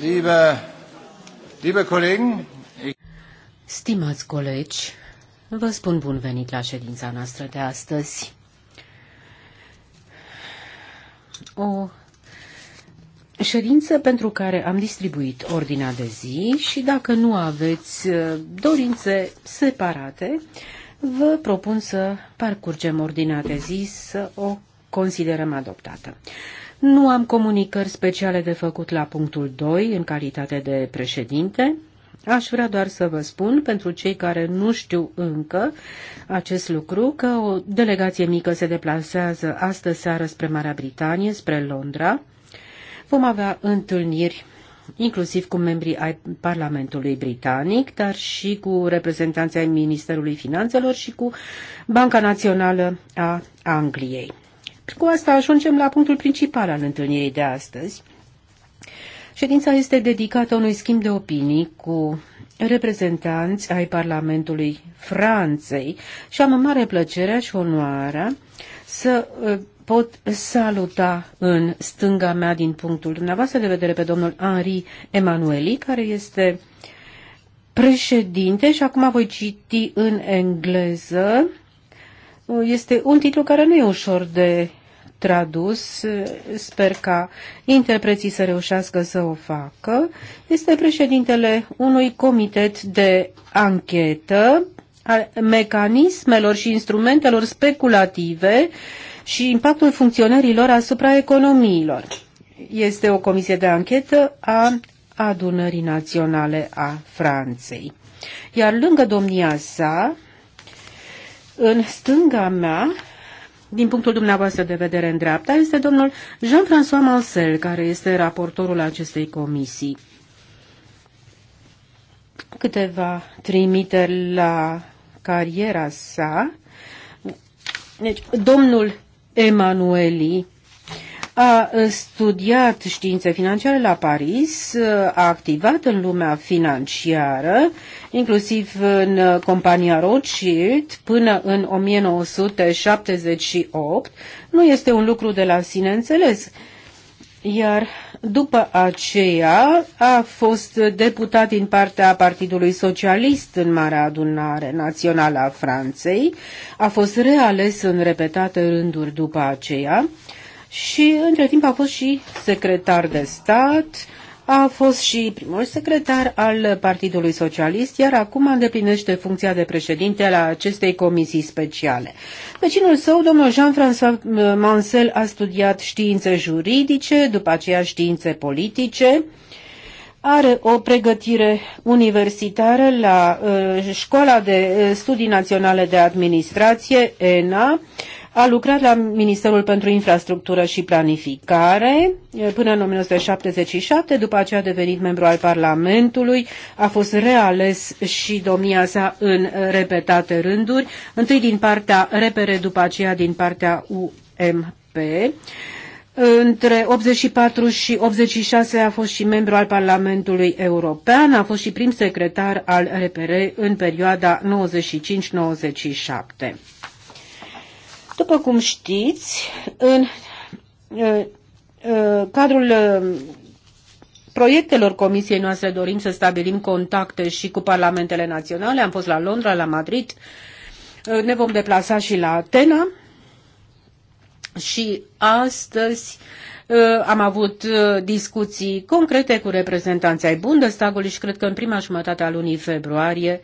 Liebe, liebe Kollegen, ich... Stimați colegi, vă spun bun venit la ședința noastră de astăzi. O ședință pentru care am distribuit ordinea de zi și dacă nu aveți uh, dorințe separate, vă propun să parcurgem ordinea de zi, să o considerăm adoptată. Nu am comunicări speciale de făcut la punctul 2 în calitate de președinte. Aș vrea doar să vă spun, pentru cei care nu știu încă acest lucru, că o delegație mică se deplasează astă seară spre Marea Britanie, spre Londra. Vom avea întâlniri inclusiv cu membrii ai Parlamentului Britanic, dar și cu reprezentanții ai Ministerului Finanțelor și cu Banca Națională a Angliei. Cu asta ajungem la punctul principal al întâlnirii de astăzi. Ședința este dedicată unui schimb de opinii cu reprezentanți ai Parlamentului Franței și am mare plăcerea și onoarea să uh, pot saluta în stânga mea din punctul dumneavoastră de vedere pe domnul Henri Emanueli, care este președinte și acum voi citi în engleză. Uh, este un titlu care nu e ușor de tradus, sper ca interpreții să reușească să o facă, este președintele unui comitet de anchetă a mecanismelor și instrumentelor speculative și impactul funcționărilor asupra economiilor. Este o comisie de anchetă a adunării naționale a Franței. Iar lângă domnia sa, în stânga mea, din punctul dumneavoastră de vedere în dreapta este domnul Jean-François Mansel, care este raportorul acestei comisii. Câteva trimiteri la cariera sa. Deci, domnul Emanueli a studiat științe financiare la Paris, a activat în lumea financiară inclusiv în uh, compania Rothschild până în 1978, nu este un lucru de la sine înțeles. Iar după aceea a fost deputat din partea Partidului Socialist în Marea Adunare Națională a Franței, a fost reales în repetate rânduri după aceea și între timp a fost și secretar de stat, a fost și primul secretar al Partidului Socialist, iar acum îndeplinește funcția de președinte la acestei comisii speciale. Vecinul său, domnul Jean-François Mansel, a studiat științe juridice, după aceea științe politice, are o pregătire universitară la uh, Școala de Studii Naționale de Administrație, ENA, uh, a lucrat la Ministerul pentru Infrastructură și Planificare până în 1977, după aceea a devenit membru al Parlamentului, a fost reales și domnia sa în repetate rânduri, întâi din partea repere, după aceea din partea UMP. Între 84 și 86 a fost și membru al Parlamentului European, a fost și prim secretar al RPR în perioada 95-97. După cum știți, în ă, ă, cadrul ă, proiectelor comisiei noastre dorim să stabilim contacte și cu parlamentele naționale. Am fost la Londra, la Madrid, ne vom deplasa și la Atena și astăzi am avut discuții concrete cu reprezentanții ai Bundestagului și cred că în prima jumătate a lunii februarie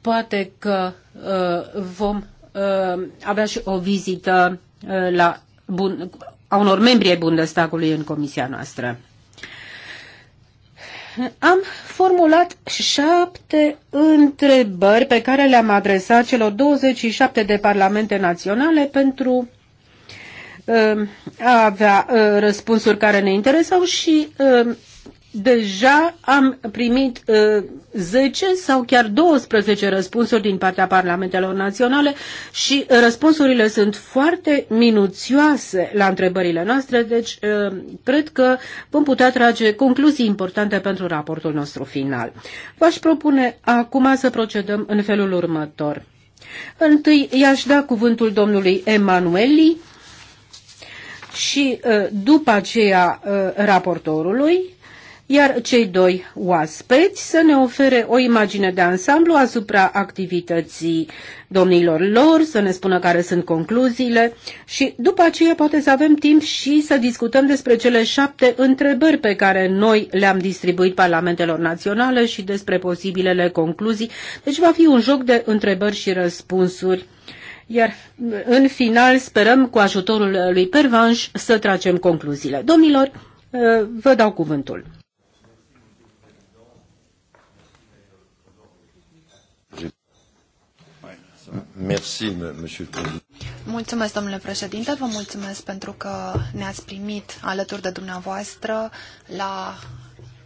poate că vom Uh, avea și o vizită uh, la bun, a unor membri ai Bundestagului în comisia noastră. Am formulat șapte întrebări pe care le-am adresat celor 27 de parlamente naționale pentru uh, a avea răspunsuri care ne interesau și Deja am primit uh, 10 sau chiar 12 răspunsuri din partea parlamentelor naționale și uh, răspunsurile sunt foarte minuțioase la întrebările noastre, deci uh, cred că vom putea trage concluzii importante pentru raportul nostru final. V-aș propune acum să procedăm în felul următor. Întâi i-aș da cuvântul domnului Emanueli și uh, după aceea uh, raportorului iar cei doi oaspeți să ne ofere o imagine de ansamblu asupra activității domnilor lor, să ne spună care sunt concluziile și după aceea poate să avem timp și să discutăm despre cele șapte întrebări pe care noi le-am distribuit Parlamentelor Naționale și despre posibilele concluzii. Deci va fi un joc de întrebări și răspunsuri iar în final sperăm cu ajutorul lui Pervanș să tragem concluziile. Domnilor, vă dau cuvântul. Mulțumesc, domnule președinte, vă mulțumesc pentru că ne-ați primit alături de dumneavoastră la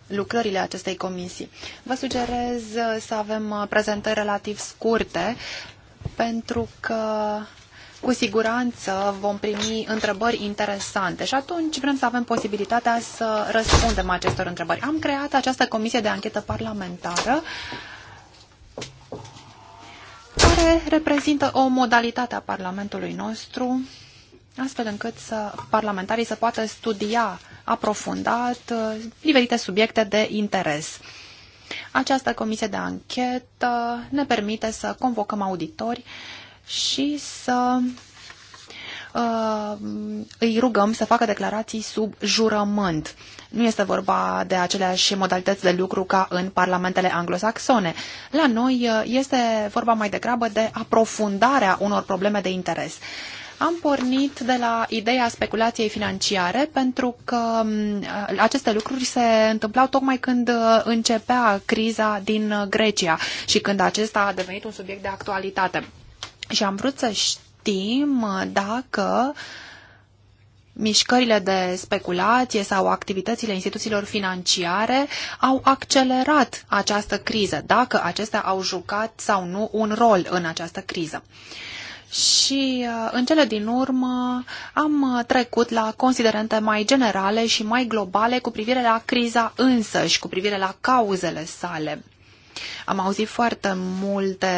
lucrările acestei comisii. Vă sugerez să avem prezentări relativ scurte, pentru că cu siguranță vom primi întrebări interesante și atunci vrem să avem posibilitatea să răspundem acestor întrebări. Am creat această comisie de anchetă parlamentară care reprezintă o modalitate a Parlamentului nostru, astfel încât să parlamentarii să poată studia aprofundat uh, diferite subiecte de interes. Această comisie de anchetă ne permite să convocăm auditori și să Uh, îi rugăm să facă declarații sub jurământ. Nu este vorba de aceleași modalități de lucru ca în parlamentele anglosaxone. La noi uh, este vorba mai degrabă de aprofundarea unor probleme de interes. Am pornit de la ideea speculației financiare pentru că um, uh, aceste lucruri se întâmplau tocmai când începea criza din Grecia și când acesta a devenit un subiect de actualitate. Și am vrut să știu știm dacă mișcările de speculație sau activitățile instituțiilor financiare au accelerat această criză, dacă acestea au jucat sau nu un rol în această criză. Și uh, în cele din urmă am trecut la considerente mai generale și mai globale cu privire la criza însăși, cu privire la cauzele sale. Am auzit foarte multe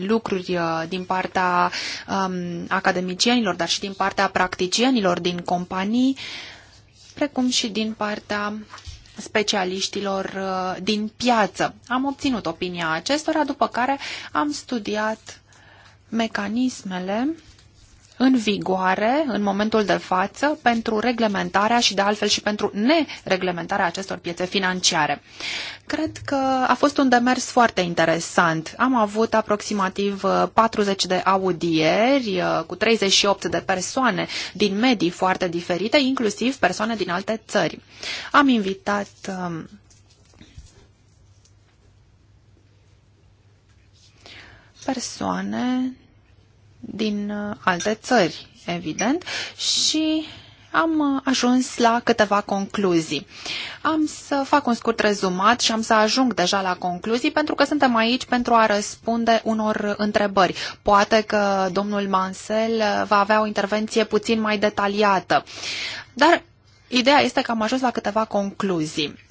lucruri uh, din partea um, academicienilor, dar și din partea practicienilor din companii, precum și din partea specialiștilor uh, din piață. Am obținut opinia acestora, după care am studiat mecanismele în vigoare în momentul de față pentru reglementarea și de altfel și pentru nereglementarea acestor piețe financiare. Cred că a fost un demers foarte interesant. Am avut aproximativ 40 uh, de audieri uh, cu 38 de persoane din medii foarte diferite, inclusiv persoane din alte țări. Am invitat um, persoane din uh, alte țări, evident, și am uh, ajuns la câteva concluzii. Am să fac un scurt rezumat și am să ajung deja la concluzii pentru că suntem aici pentru a răspunde unor întrebări. Poate că domnul Mansel uh, va avea o intervenție puțin mai detaliată. Dar ideea este că am ajuns la câteva concluzii.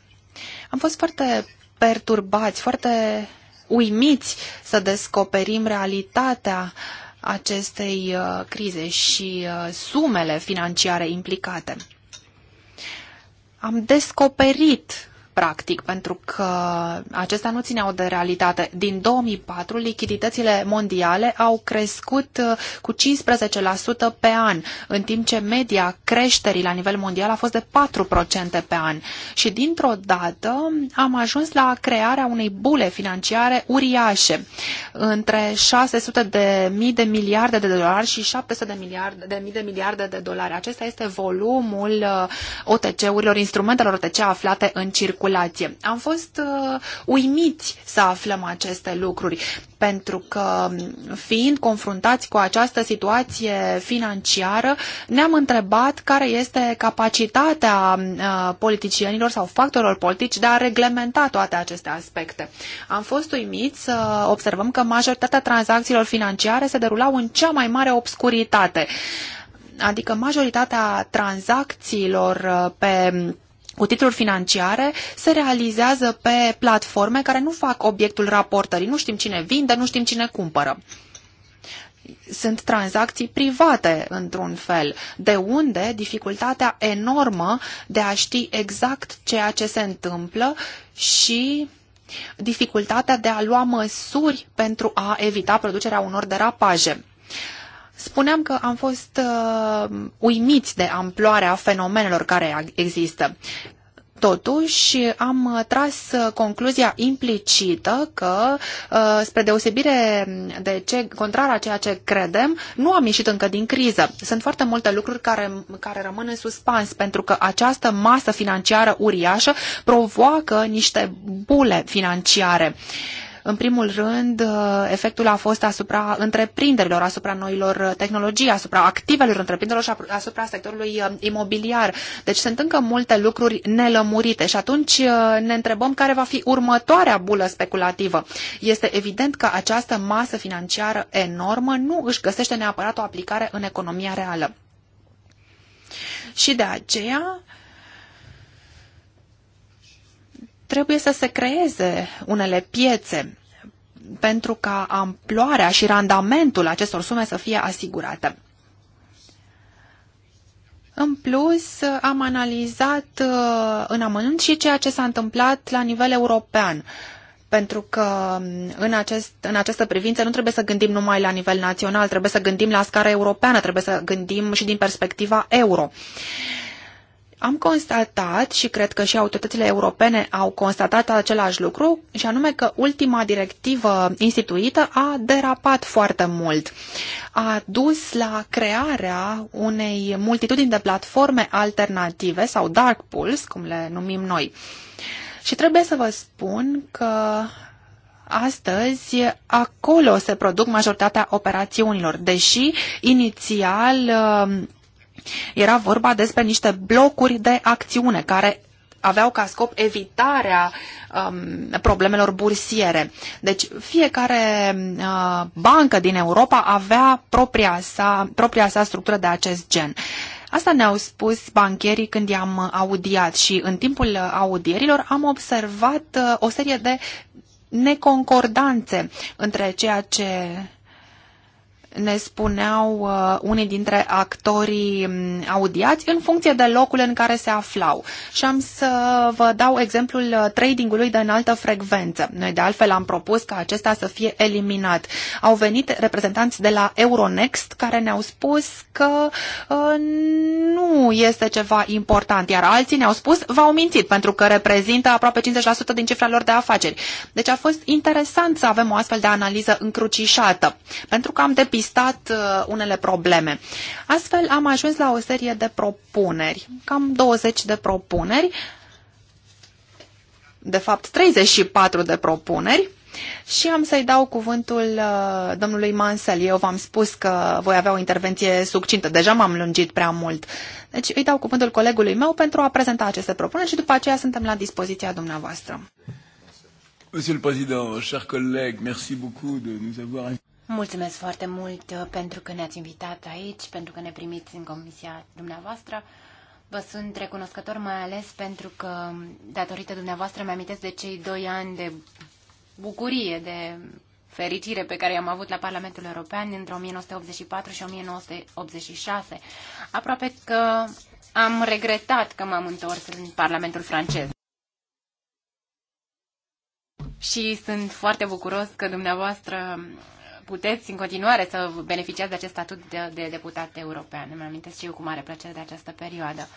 Am fost foarte perturbați, foarte uimiți să descoperim realitatea uh, acestei uh, crize și uh, sumele financiare implicate. Am descoperit practic, pentru că acestea nu țineau de realitate. Din 2004, lichiditățile mondiale au crescut uh, cu 15% pe an, în timp ce media creșterii la nivel mondial a fost de 4% pe an. Și dintr-o dată am ajuns la crearea unei bule financiare uriașe, între 600 de mii de miliarde de dolari și 700 de miliarde de, mii de miliarde de dolari. Acesta este volumul uh, OTC-urilor, instrumentelor OTC aflate în circulație populație. Am fost uh, uimiți să aflăm aceste lucruri, pentru că um, fiind confruntați cu această situație financiară, ne-am întrebat care este capacitatea um, uh, politicienilor sau factorilor politici de a reglementa toate aceste aspecte. Am fost uimiți să observăm că majoritatea tranzacțiilor financiare se derulau în cea mai mare obscuritate adică majoritatea tranzacțiilor uh, pe um, cu titluri financiare se realizează pe platforme care nu fac obiectul raportării. Nu știm cine vinde, nu știm cine cumpără. Sunt tranzacții private, într-un fel, de unde dificultatea enormă de a ști exact ceea ce se întâmplă și dificultatea de a lua măsuri pentru a evita producerea unor derapaje. Spuneam că am fost uh, uimiți de amploarea fenomenelor care există. Totuși, am tras uh, concluzia implicită că, uh, spre deosebire de ce, contrar a ceea ce credem, nu am ieșit încă din criză. Sunt foarte multe lucruri care, care rămân în suspans, pentru că această masă financiară uriașă provoacă niște bule financiare. Uh, în primul rând, uh, efectul a fost asupra întreprinderilor, asupra noilor uh, tehnologii, asupra activelor întreprinderilor și asupra sectorului uh, imobiliar. Deci sunt încă multe lucruri nelămurite și atunci ne întrebăm care va fi următoarea bulă speculativă. Este evident că această masă financiară enormă nu își găsește neapărat o aplicare în economia reală. Și de aceea Trebuie să se creeze unele piețe pentru ca amploarea și randamentul acestor sume să fie asigurată. În plus, am analizat uh, în amănunt și ceea ce s-a întâmplat la nivel european, pentru că um, în, acest, în această privință nu trebuie să gândim numai la nivel național, trebuie să gândim la scară europeană, trebuie să gândim și din perspectiva euro. Am constatat și cred că și autoritățile europene au constatat același lucru, și anume că ultima directivă instituită a derapat foarte mult. A dus la crearea unei multitudini de platforme alternative sau dark pools, cum le numim noi. Și trebuie să vă spun că astăzi acolo se produc majoritatea operațiunilor, deși inițial era vorba despre niște blocuri de acțiune care aveau ca scop evitarea um, problemelor bursiere. Deci fiecare uh, bancă din Europa avea propria sa, propria sa structură de acest gen. Asta ne-au spus bancherii când i-am audiat și în timpul audierilor am observat uh, o serie de neconcordanțe între ceea ce ne spuneau uh, unii dintre actorii mm, audiați în funcție de locul în care se aflau. Și am să vă dau exemplul uh, tradingului de înaltă frecvență. Noi de altfel am propus ca acesta să fie eliminat. Au venit reprezentanți de la Euronext care ne-au spus că uh, nu este ceva important, iar alții ne-au spus v-au mințit pentru că reprezintă aproape 50% din cifra lor de afaceri. Deci a fost interesant să avem o astfel de analiză încrucișată, pentru că am depis existat uh, unele probleme. Astfel am ajuns la o serie de propuneri, cam 20 de propuneri, de fapt 34 de propuneri, și am să-i dau cuvântul uh, domnului Mansel. Eu v-am spus că voi avea o intervenție succintă. Deja m-am lungit prea mult. Deci îi dau cuvântul colegului meu pentru a prezenta aceste propuneri și după aceea suntem la dispoziția dumneavoastră. Monsieur le Président, chers collègues, merci beaucoup de nous avoir Mulțumesc foarte mult uh, pentru că ne-ați invitat aici, pentru că ne primiți în comisia dumneavoastră. Vă sunt recunoscător mai ales pentru că, datorită dumneavoastră, mi-amintesc de cei doi ani de bucurie, de fericire pe care i-am avut la Parlamentul European între 1984 și 1986. Aproape că am regretat că m-am întors în Parlamentul francez. Și sunt foarte bucuros că dumneavoastră puteți în continuare să beneficiați de acest statut de, de deputat european. Îmi amintesc și eu cu mare plăcere de această perioadă.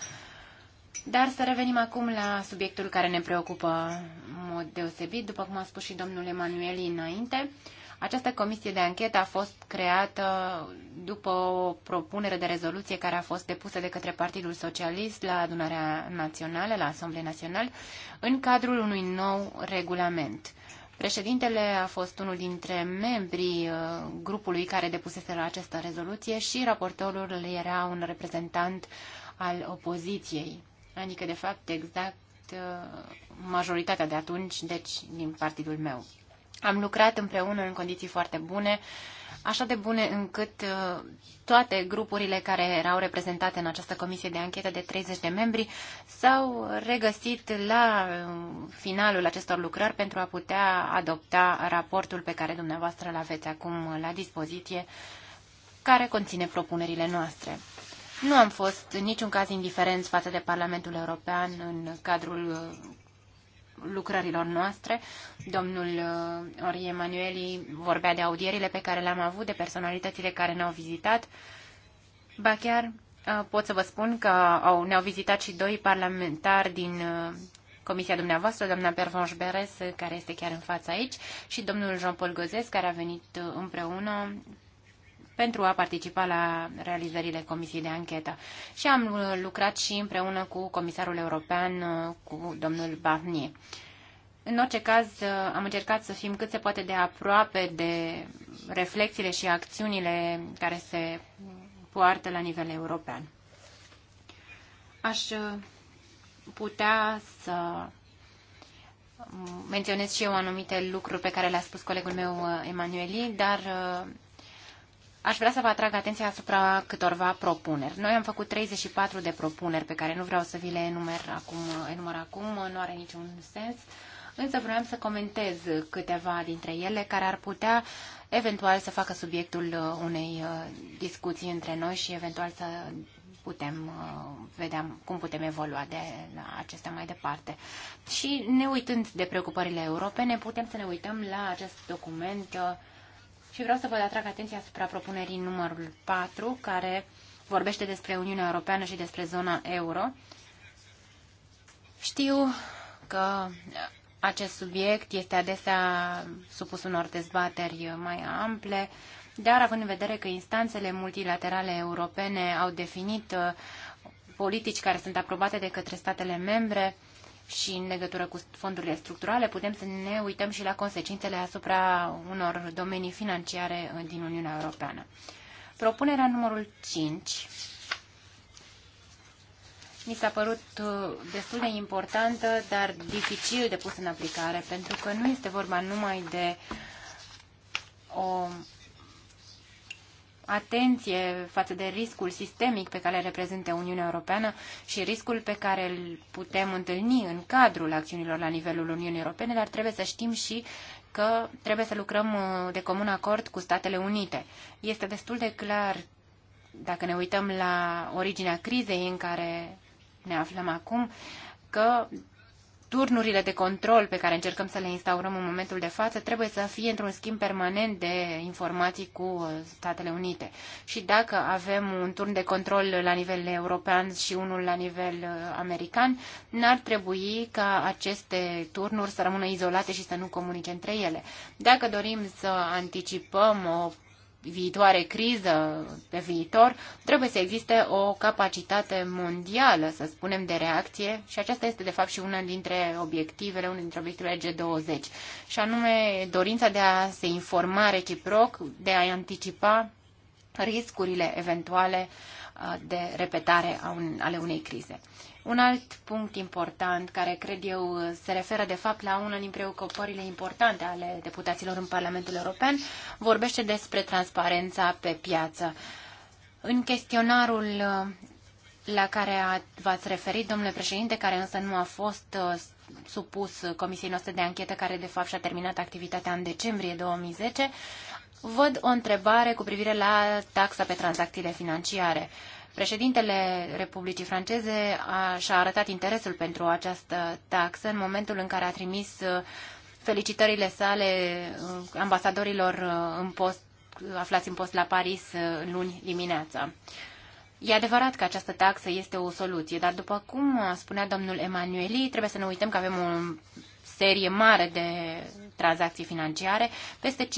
Dar să revenim acum la subiectul care ne preocupă în mod deosebit, după cum a spus și domnul Emanueli înainte. Această comisie de anchetă a fost creată după o propunere de rezoluție care a fost depusă de către Partidul Socialist la adunarea națională, la Asamblea Națională, în cadrul unui nou regulament. Președintele a fost unul dintre membrii uh, grupului care depusese la această rezoluție și raportorul era un reprezentant al opoziției, adică de fapt exact uh, majoritatea de atunci, deci din partidul meu. Am lucrat împreună în condiții foarte bune, uh, așa de bune încât uh, toate grupurile care erau reprezentate în această comisie de anchetă de 30 de membri s-au regăsit la uh, finalul acestor lucrări pentru a putea adopta raportul pe care dumneavoastră îl aveți acum uh, la dispoziție, care conține propunerile noastre. Nu am fost în niciun caz indiferenți față de Parlamentul European în cadrul lucrărilor noastre. Domnul Ori uh, Emanueli vorbea de audierile pe care le-am avut, de personalitățile care ne-au vizitat. Ba chiar uh, pot să vă spun că au, ne-au vizitat și doi parlamentari din uh, comisia dumneavoastră, doamna Pervanș Beres, care este chiar în fața aici, și domnul Jean-Paul Gozes, care a venit împreună pentru a participa la realizările Comisiei de Anchetă. Și am uh, lucrat și împreună cu Comisarul European, uh, cu domnul Barnier. În orice caz, uh, am încercat să fim cât se poate de aproape de reflexiile și acțiunile care se poartă la nivel european. Aș putea să menționez și eu anumite lucruri pe care le-a spus colegul meu Emanueli, dar Aș vrea să vă atrag atenția asupra câtorva propuneri. Noi am făcut 34 de propuneri pe care nu vreau să vi le enumer acum, enumer acum, nu are niciun sens, însă vreau să comentez câteva dintre ele care ar putea eventual să facă subiectul uh, unei uh, discuții între noi și eventual să putem uh, vedea cum putem evolua de la acestea mai departe. Și ne uitând de preocupările europene, putem să ne uităm la acest document uh, și vreau să vă atrag atenția asupra propunerii numărul 4, care vorbește despre Uniunea Europeană și despre zona euro. Știu că acest subiect este adesea supus unor dezbateri mai ample, dar având în vedere că instanțele multilaterale europene au definit politici care sunt aprobate de către statele membre, și în legătură cu fondurile structurale, putem să ne uităm și la consecințele asupra unor domenii financiare uh, din Uniunea Europeană. Propunerea numărul 5 mi s-a părut uh, destul de importantă, dar dificil de pus în aplicare, pentru că nu este vorba numai de o atenție față de riscul sistemic pe care îl reprezintă Uniunea Europeană și riscul pe care îl putem întâlni în cadrul acțiunilor la nivelul Uniunii Europene, dar trebuie să știm și că trebuie să lucrăm uh, de comun acord cu Statele Unite. Este destul de clar, dacă ne uităm la originea crizei în care ne aflăm acum, că turnurile de control pe care încercăm să le instaurăm în momentul de față trebuie să fie într-un schimb permanent de informații cu uh, Statele Unite. Și dacă avem un turn de control la nivel european și unul la nivel uh, american, n-ar trebui ca aceste turnuri să rămână izolate și să nu comunice între ele. Dacă dorim să anticipăm o viitoare criză pe viitor, trebuie să existe o capacitate mondială, să spunem, de reacție și aceasta este, de fapt, și una dintre obiectivele, unul dintre obiectivele G20, și anume dorința de a se informa reciproc, de a anticipa riscurile eventuale uh, de repetare ale unei crize. Un alt punct important, care cred eu se referă de fapt la una din preocupările importante ale deputaților în Parlamentul European, vorbește despre transparența pe piață. În chestionarul uh, la care v-ați referit, domnule președinte, care însă nu a fost uh, supus comisiei noastre de anchetă, care de fapt și-a terminat activitatea în decembrie 2010, văd o întrebare cu privire la taxa pe tranzacțiile financiare. Președintele Republicii Franceze a, și-a arătat interesul pentru această taxă în momentul în care a trimis uh, felicitările sale uh, ambasadorilor uh, în post, aflați în post la Paris luni dimineața. E adevărat că această taxă este o soluție, dar după cum spunea domnul Emanueli, trebuie să ne uităm că avem un serie mare de tranzacții financiare. Peste 50%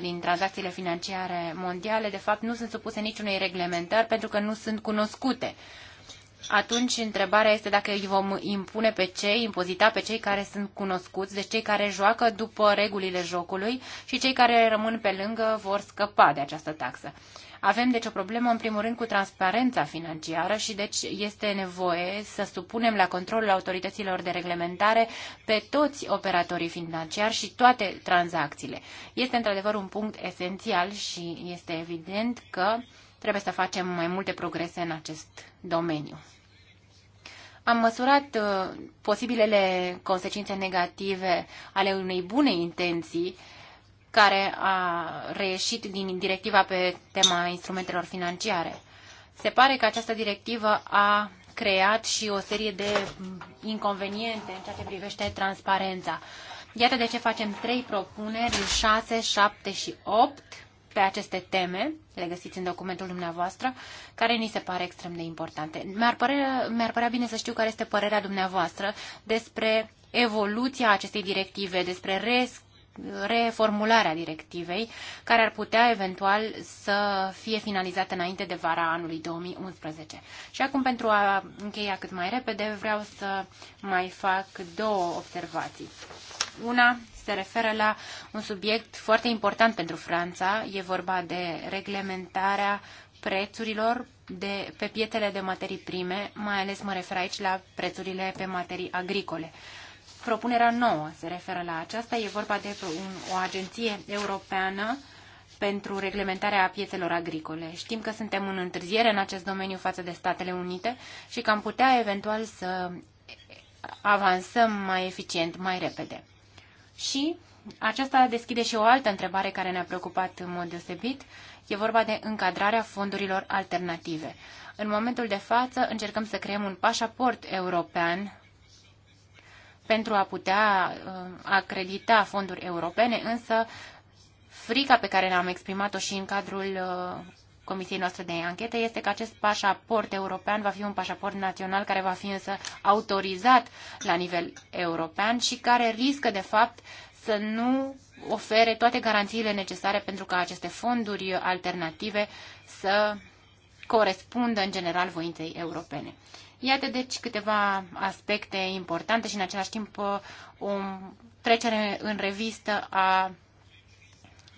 din tranzacțiile financiare mondiale, de fapt, nu sunt supuse niciunei reglementări pentru că nu sunt cunoscute. Atunci, întrebarea este dacă îi vom impune pe cei, impozita pe cei care sunt cunoscuți, deci cei care joacă după regulile jocului și cei care rămân pe lângă vor scăpa de această taxă. Avem deci o problemă în primul rând cu transparența financiară și deci este nevoie să supunem la controlul autorităților de reglementare pe toți operatorii financiari și toate tranzacțiile. Este într-adevăr un punct esențial și este evident că trebuie să facem mai multe progrese în acest domeniu. Am măsurat uh, posibilele consecințe negative ale unei bune intenții care a reieșit din directiva pe tema instrumentelor financiare. Se pare că această directivă a creat și o serie de inconveniente în ceea ce privește transparența. Iată de ce facem trei propuneri, 6, 7 și 8, pe aceste teme, le găsiți în documentul dumneavoastră, care ni se pare extrem de importante. Mi-ar părea, mi părea bine să știu care este părerea dumneavoastră despre evoluția acestei directive, despre risc, reformularea directivei, care ar putea eventual să fie finalizată înainte de vara anului 2011. Și acum, pentru a încheia cât mai repede, vreau să mai fac două observații. Una se referă la un subiect foarte important pentru Franța. E vorba de reglementarea prețurilor de, pe pietele de materii prime, mai ales mă refer aici la prețurile pe materii agricole. Propunerea nouă se referă la aceasta. E vorba de o agenție europeană pentru reglementarea piețelor agricole. Știm că suntem în întârziere în acest domeniu față de Statele Unite și că am putea eventual să avansăm mai eficient, mai repede. Și aceasta deschide și o altă întrebare care ne-a preocupat în mod deosebit. E vorba de încadrarea fondurilor alternative. În momentul de față încercăm să creăm un pașaport european pentru a putea uh, acredita fonduri europene, însă frica pe care ne-am exprimat-o și în cadrul uh, comisiei noastre de anchetă este că acest pașaport european va fi un pașaport național care va fi însă autorizat la nivel european și care riscă de fapt să nu ofere toate garanțiile necesare pentru ca aceste fonduri alternative să corespundă în general voinței europene. Iată deci câteva aspecte importante și în același timp o trecere în revistă a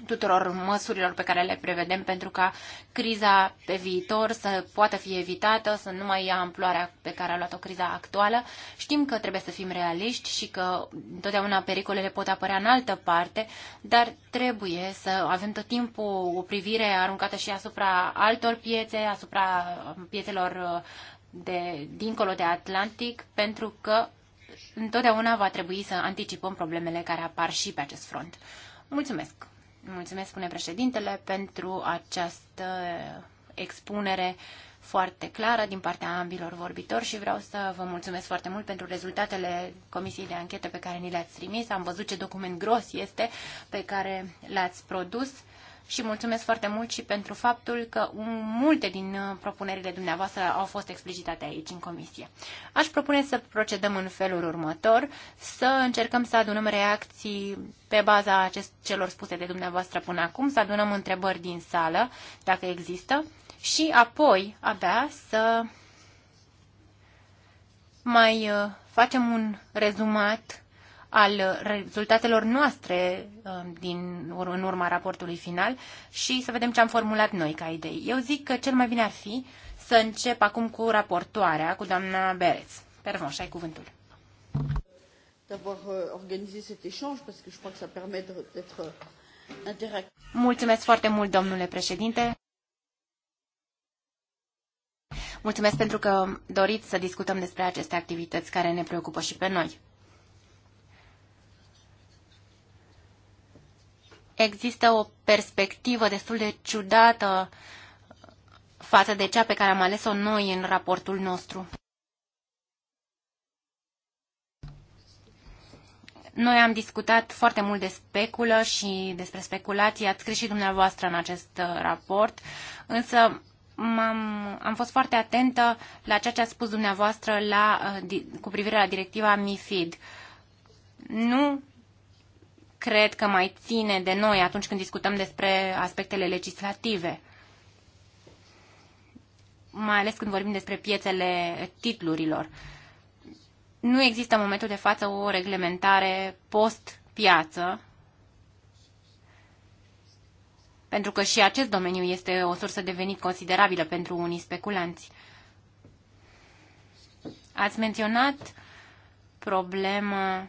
tuturor măsurilor pe care le prevedem pentru ca criza pe viitor să poată fi evitată, să nu mai ia amploarea pe care a luat-o criza actuală. Știm că trebuie să fim realiști și că întotdeauna pericolele pot apărea în altă parte, dar trebuie să avem tot timpul o privire aruncată și asupra altor piețe, asupra piețelor de, dincolo de Atlantic, pentru că întotdeauna va trebui să anticipăm problemele care apar și pe acest front. Mulțumesc! Mulțumesc, spune președintele, pentru această expunere foarte clară din partea ambilor vorbitori și vreau să vă mulțumesc foarte mult pentru rezultatele comisiei de anchetă pe care ni le-ați trimis. Am văzut ce document gros este pe care l-ați produs și mulțumesc foarte mult și pentru faptul că multe din uh, propunerile dumneavoastră au fost explicitate aici în comisie. Aș propune să procedăm în felul următor, să încercăm să adunăm reacții pe baza acest, celor spuse de dumneavoastră până acum, să adunăm întrebări din sală, dacă există, și apoi abia să mai uh, facem un rezumat al rezultatelor noastre um, din, în urma raportului final și să vedem ce am formulat noi ca idei. Eu zic că cel mai bine ar fi să încep acum cu raportoarea, cu doamna Bereț. Pervon, și ai cuvântul. Euh, euh, Mulțumesc foarte mult, domnule președinte. Mulțumesc pentru că doriți să discutăm despre aceste activități care ne preocupă și pe noi. există o perspectivă destul de ciudată față de cea pe care am ales-o noi în raportul nostru. Noi am discutat foarte mult de speculă și despre speculații, ați scris și dumneavoastră în acest uh, raport, însă am am fost foarte atentă la ceea ce a spus dumneavoastră la, uh, cu privire la directiva MIFID. Nu cred că mai ține de noi atunci când discutăm despre aspectele legislative, mai ales când vorbim despre piețele titlurilor. Nu există în momentul de față o reglementare post-piață, pentru că și acest domeniu este o sursă de venit considerabilă pentru unii speculanți. Ați menționat problema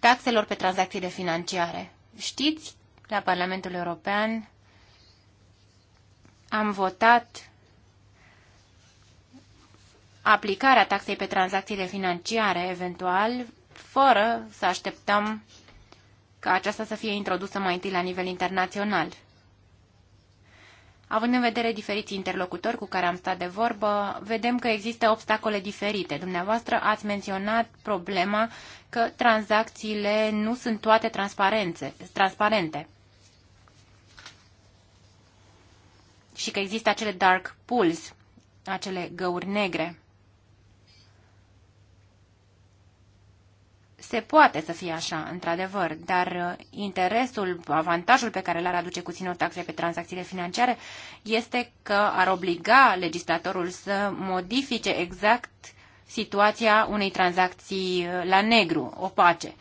taxelor pe tranzacțiile financiare. Știți, la Parlamentul European am votat aplicarea taxei pe tranzacțiile financiare, eventual, fără să așteptăm ca aceasta să fie introdusă mai întâi la nivel internațional. Având în vedere diferiți interlocutori cu care am stat de vorbă, vedem că există obstacole diferite. Dumneavoastră ați menționat problema că tranzacțiile nu sunt toate transparente și că există acele dark pools, acele găuri negre. se poate să fie așa, într-adevăr, dar uh, interesul, avantajul pe care l-ar aduce cu ținut taxe pe tranzacțiile financiare este că ar obliga legislatorul să modifice exact situația unei tranzacții uh, la negru, opace.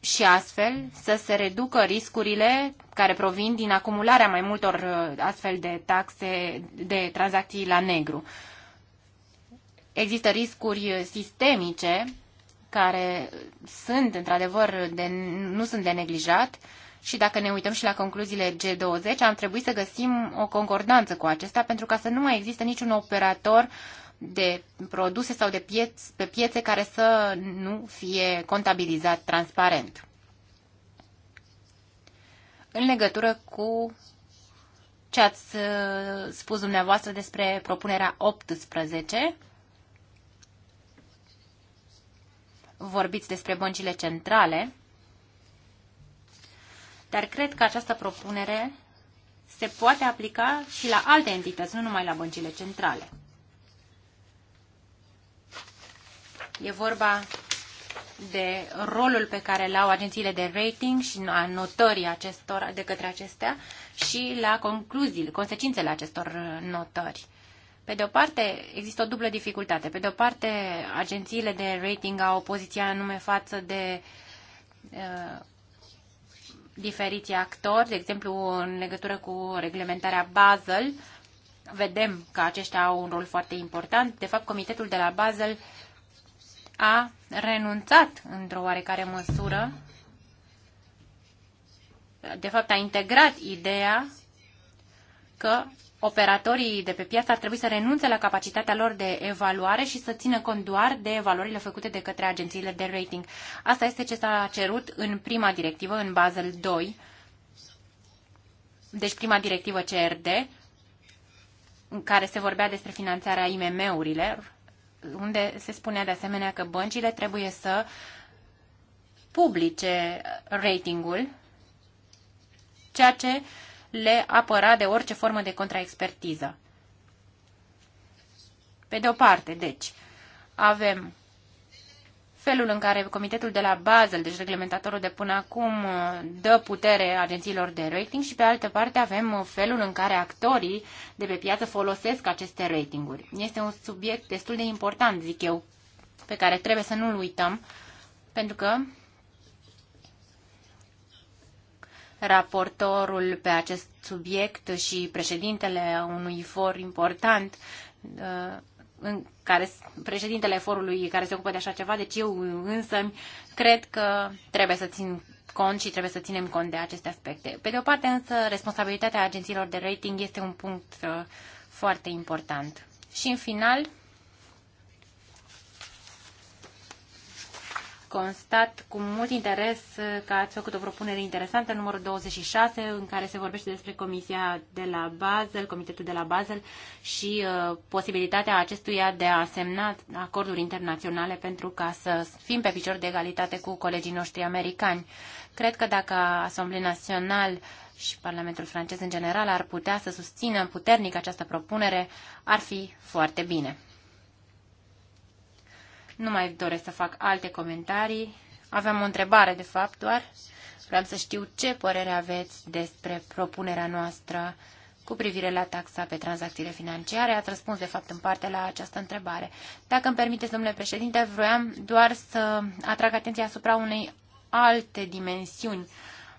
Și astfel să se reducă riscurile care provin din acumularea mai multor uh, astfel de taxe, de tranzacții la negru. Uh, Există riscuri sistemice care sunt, într-adevăr, nu sunt de neglijat și dacă ne uităm și la concluziile G20, am trebuit să găsim o concordanță cu acesta pentru ca să nu mai există niciun operator de produse sau de pieț, pe piețe care să nu fie contabilizat transparent. În legătură cu ce ați uh, spus dumneavoastră despre propunerea 18, vorbiți despre băncile centrale, dar cred că această propunere se poate aplica și la alte entități, nu numai la băncile centrale. E vorba de rolul pe care îl au agențiile de rating și a notării acestor, de către acestea și la concluziile, consecințele acestor notări. Pe de o parte, există o dublă dificultate. Pe de o parte, agențiile de rating au o poziție anume față de uh, diferiții actori, de exemplu, în legătură cu reglementarea Basel, vedem că aceștia au un rol foarte important. De fapt, comitetul de la Basel a renunțat într-o oarecare măsură, de fapt a integrat ideea că operatorii de pe piață ar trebui să renunțe la capacitatea lor de evaluare și să țină cont doar de valorile făcute de către agențiile de rating. Asta este ce s-a cerut în prima directivă, în Basel II, deci prima directivă CRD, în care se vorbea despre finanțarea IMM-urilor, unde se spunea de asemenea că băncile trebuie să publice ratingul, ceea ce uh, le apăra de orice formă de contraexpertiză. Pe de o parte, deci, avem felul în care comitetul de la Basel, deci reglementatorul de până acum, dă putere agențiilor de rating și pe altă parte avem felul în care actorii de pe piață folosesc aceste ratinguri. Este un subiect destul de important, zic eu, pe care trebuie să nu-l uităm, pentru că raportorul pe acest subiect și președintele unui for important uh, în care președintele forului care se ocupă de așa ceva, deci eu însă cred că trebuie să țin cont și trebuie să ținem cont de aceste aspecte. Pe de o parte însă, responsabilitatea agențiilor de rating este un punct uh, foarte important. Și în final, constat cu mult interes că ați făcut o propunere interesantă, numărul 26, în care se vorbește despre Comisia de la Basel, Comitetul de la Basel și uh, posibilitatea acestuia de a semna acorduri internaționale pentru ca să fim pe picior de egalitate cu colegii noștri americani. Cred că dacă Asamblea Națională și Parlamentul francez în general ar putea să susțină puternic această propunere, ar fi foarte bine. Nu mai doresc să fac alte comentarii. Aveam o întrebare, de fapt, doar. Vreau să știu ce părere aveți despre propunerea noastră cu privire la taxa pe tranzacțiile financiare. Ați răspuns, de fapt, în parte la această întrebare. Dacă îmi permiteți, domnule președinte, vroiam doar să atrag atenția asupra unei alte dimensiuni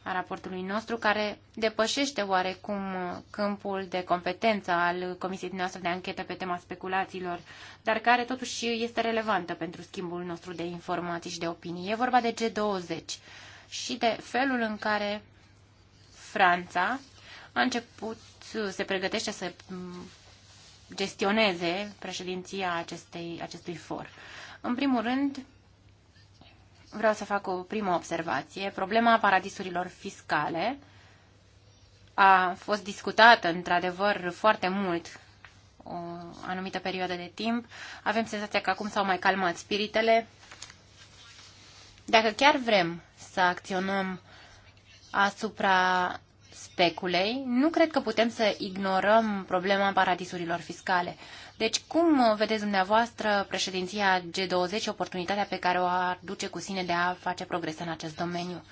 a raportului nostru, care depășește oarecum uh, câmpul de competență al Comisiei noastre de anchetă pe tema speculațiilor, dar care totuși este relevantă pentru schimbul nostru de informații și de opinii. E vorba de G20 și de felul în care Franța a început, se pregătește să mm, gestioneze președinția acestei, acestui for. În primul rând, vreau să fac o primă observație. Problema paradisurilor fiscale a fost discutată, într-adevăr, foarte mult o anumită perioadă de timp. Avem senzația că acum s-au mai calmat spiritele. Dacă chiar vrem să acționăm asupra speculei, nu cred că putem să ignorăm problema paradisurilor fiscale. Deci, cum vedeți dumneavoastră președinția G20 oportunitatea pe care o aduce cu sine de a face progrese în acest domeniu?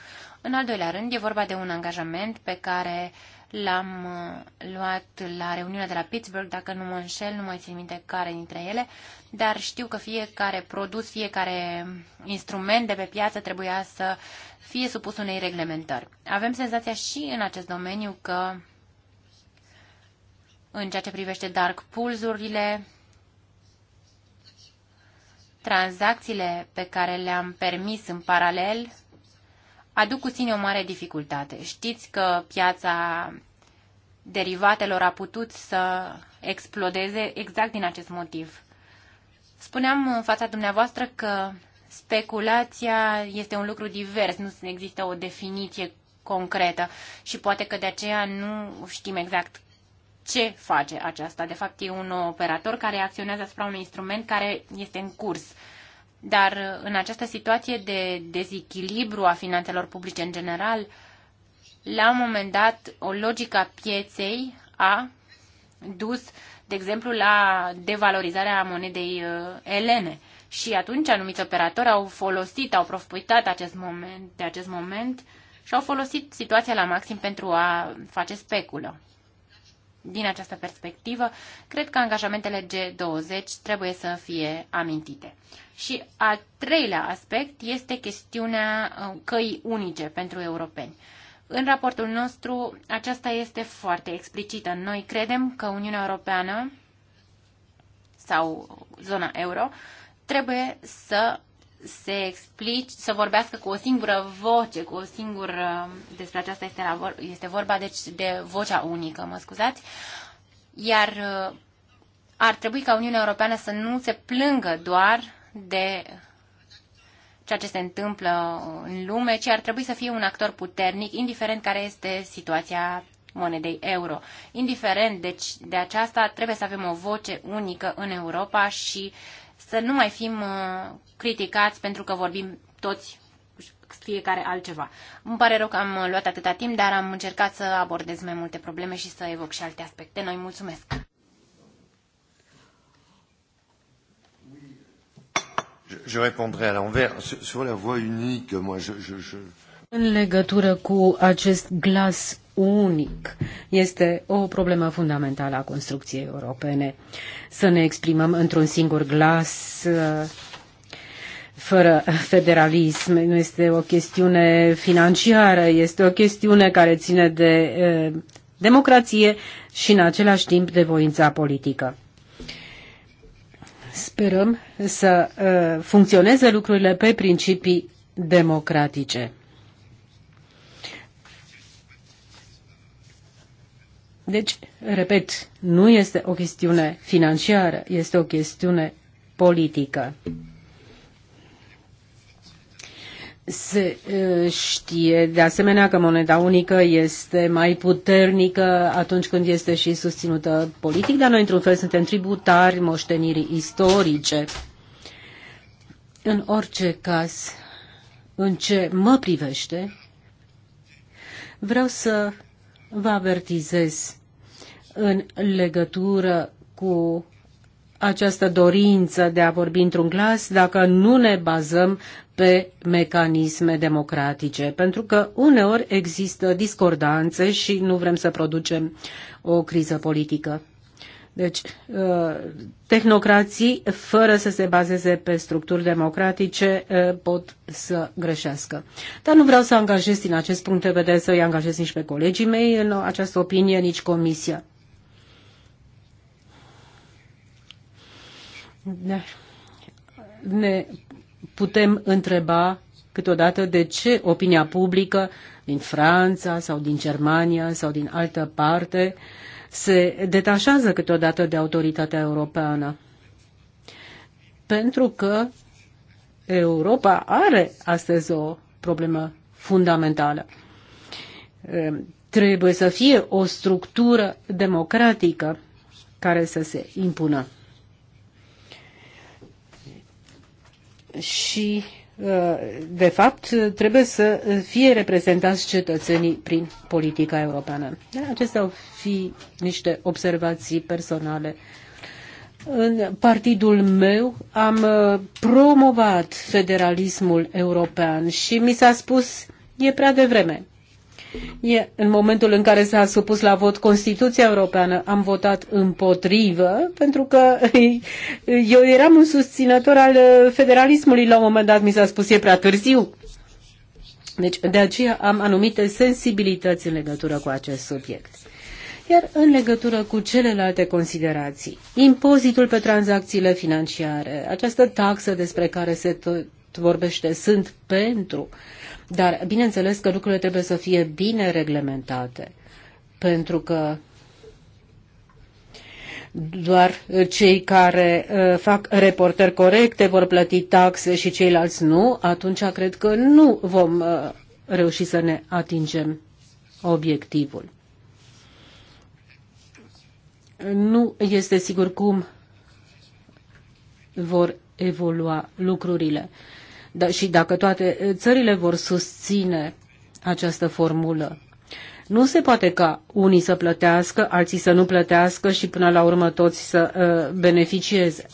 În al doilea rând, e vorba de un angajament pe care l-am uh, luat la reuniunea de la Pittsburgh, dacă nu mă înșel, nu mai țin minte care dintre ele, dar știu că fiecare produs, fiecare instrument de pe piață trebuia să fie supus unei reglementări. Avem senzația și în acest domeniu că în ceea ce privește dark pools-urile, tranzacțiile pe care le-am permis în paralel aduc cu sine o mare dificultate. Știți că piața derivatelor a putut să explodeze exact din acest motiv. Spuneam în fața dumneavoastră că speculația este un lucru divers, nu există o definiție concretă și poate că de aceea nu știm exact ce face aceasta. De fapt, e un operator care acționează asupra unui instrument care este în curs. Dar în această situație de dezechilibru a finanțelor publice în general, la un moment dat, o logică a pieței a dus, de exemplu, la devalorizarea monedei uh, elene. Și atunci anumiți operatori au folosit, au profitat acest moment, de acest moment și au folosit situația la maxim pentru a face speculă din această perspectivă, cred că angajamentele G20 trebuie să fie amintite. Și a treilea aspect este chestiunea uh, căi unice pentru europeni. În raportul nostru, aceasta este foarte explicită. Noi credem că Uniunea Europeană sau zona euro trebuie să se explici, să vorbească cu o singură voce, cu o singură... Um, despre aceasta este, la este vorba, deci, de vocea unică, mă scuzați. Iar uh, ar trebui ca Uniunea Europeană să nu se plângă doar de ceea ce se întâmplă în lume, ci ar trebui să fie un actor puternic, indiferent care este situația monedei euro. Indiferent deci, de aceasta, trebuie să avem o voce unică în Europa și să nu mai fim uh, criticați pentru că vorbim toți fiecare altceva. Îmi pare rău că am uh, luat atâta timp, dar am încercat să abordez mai multe probleme și să evoc și alte aspecte. Noi mulțumesc! Je, je à Sur, sur la unique, moi, je, je, je... În legătură cu acest glas unic este o problemă fundamentală a construcției europene. Să ne exprimăm într-un singur glas uh, fără federalism. Nu este o chestiune financiară, este o chestiune care ține de uh, democrație și în același timp de voința politică. Sperăm să uh, funcționeze lucrurile pe principii democratice. Deci, repet, nu este o chestiune financiară, este o chestiune politică. Se știe de asemenea că moneda unică este mai puternică atunci când este și susținută politic, dar noi într-un fel suntem tributari moștenirii istorice. În orice caz, în ce mă privește, vreau să vă avertizez în legătură cu această dorință de a vorbi într-un glas dacă nu ne bazăm pe mecanisme democratice, pentru că uneori există discordanțe și nu vrem să producem o criză politică. Deci, uh, tehnocrații, fără să se bazeze pe structuri democratice, uh, pot să greșească. Dar nu vreau să angajez din acest punct de vedere, să îi angajez nici pe colegii mei în această opinie, nici comisia. Ne putem întreba câteodată de ce opinia publică din Franța sau din Germania sau din altă parte uh, se detașează câteodată de autoritatea europeană. Pentru că Europa are astăzi o problemă fundamentală. Ehm, trebuie să fie o structură democratică care să se impună. Și de fapt, trebuie să fie reprezentați cetățenii prin politica europeană. Da, acestea au fi niște observații personale. În partidul meu am uh, promovat federalismul european și mi s-a spus e prea devreme. E în momentul în care s-a supus la vot Constituția Europeană, am votat împotrivă, pentru că eu eram un susținător al federalismului. La un moment dat mi s-a spus, e prea târziu. Deci, de aceea am anumite sensibilități în legătură cu acest subiect. Iar în legătură cu celelalte considerații, impozitul pe tranzacțiile financiare, această taxă despre care se tot vorbește, sunt pentru. Dar bineînțeles că lucrurile trebuie să fie bine reglementate, pentru că doar cei care uh, fac reporteri corecte vor plăti taxe și ceilalți nu, atunci cred că nu vom uh, reuși să ne atingem obiectivul. Nu este sigur cum vor evolua lucrurile. Da, și dacă toate eh, țările vor susține această formulă. Nu se poate ca unii să plătească, alții să nu plătească și până la urmă toți să uh, beneficieze.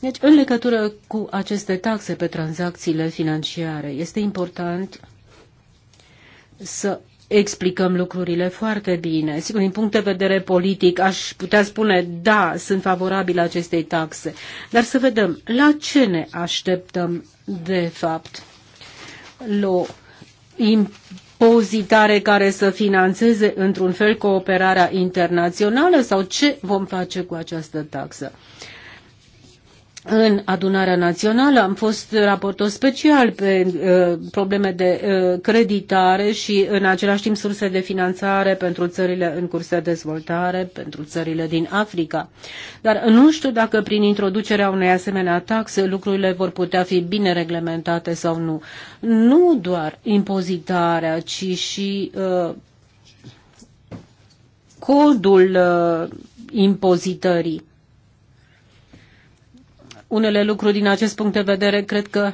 Deci, în legătură cu aceste taxe pe tranzacțiile financiare, este important să explicăm lucrurile foarte bine. Sigur, din punct de vedere politic, aș putea spune, da, sunt favorabil acestei taxe, dar să vedem la ce ne așteptăm de fapt. La impozitare care să financeze într-un fel cooperarea internațională sau ce vom face cu această taxă? Uh, în adunarea națională am fost raportor special pe uh, probleme de uh, creditare și în același timp surse de finanțare pentru țările în curs de dezvoltare, pentru țările din Africa. Dar nu știu dacă prin introducerea unei asemenea taxe lucrurile vor putea fi bine reglementate sau nu. Nu doar impozitarea, ci și uh, codul uh, impozitării unele lucruri din acest punct de vedere cred că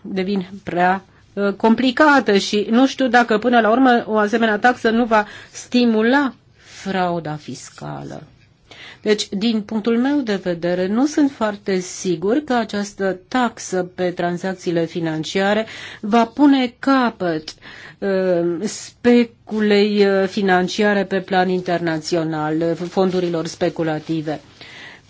devin prea uh, complicate și nu știu dacă până la urmă o asemenea taxă nu va stimula frauda fiscală. Deci, din punctul meu de vedere, nu sunt foarte sigur că această taxă pe tranzacțiile financiare va pune capăt uh, speculei uh, financiare pe plan internațional, fondurilor speculative.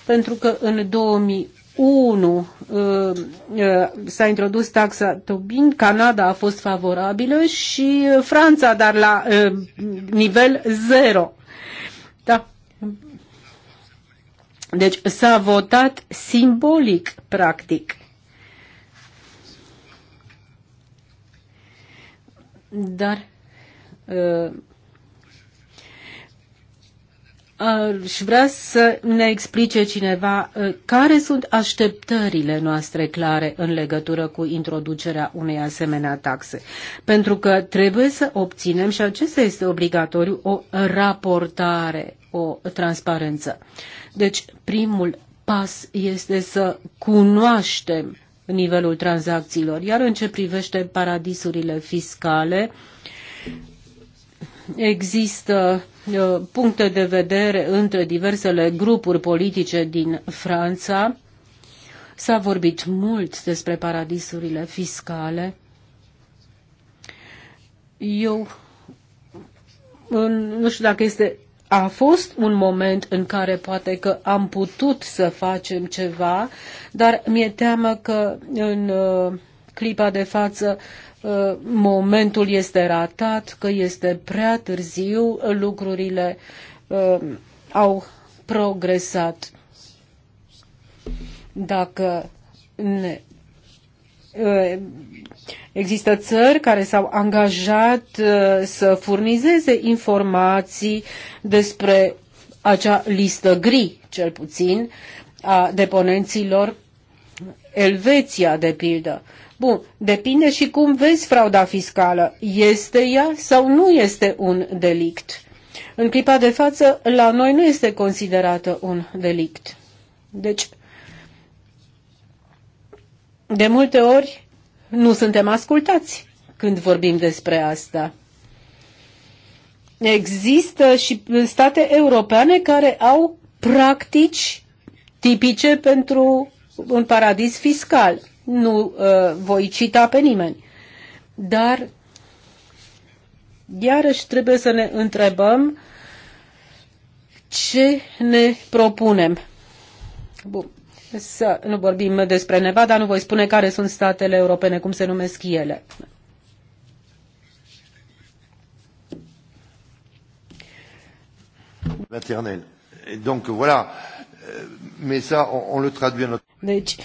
Pentru că în 2000 1 uh, uh, s-a introdus taxa Tobin, Canada a fost favorabilă și Franța, dar la uh, nivel 0. Da. Deci s-a votat simbolic, practic. Dar Uh, și vrea să ne explice cineva uh, care sunt așteptările noastre clare în legătură cu introducerea unei asemenea taxe. Pentru că trebuie să obținem, și acesta este obligatoriu, o raportare, o transparență. Deci, primul pas este să cunoaștem nivelul tranzacțiilor. Iar în ce privește paradisurile fiscale, există uh, Uh, puncte de vedere între diversele grupuri politice din Franța. S-a vorbit mult despre paradisurile fiscale. Eu nu știu dacă este a fost un moment în care poate că am putut să facem ceva, dar mi-e teamă că în uh, clipa de față Uh, momentul este ratat, că este prea târziu, lucrurile uh, au progresat. Dacă ne uh, Există țări care s-au angajat să furnizeze informații despre acea listă gri, cel puțin, a deponenților Elveția, de pildă. Bun, depinde și cum vezi frauda fiscală. Este ea sau nu este un delict? În clipa de față, la noi nu este considerată un delict. Deci, de multe ori nu suntem ascultați când vorbim despre asta. Există și state europene care au practici tipice pentru un paradis fiscal nu uh, voi cita pe nimeni. Dar iarăși trebuie să ne întrebăm ce ne propunem. Bun. Să nu vorbim despre Nevada, nu voi spune care sunt statele europene, cum se numesc ele. Maternel. Et donc voilà, deci,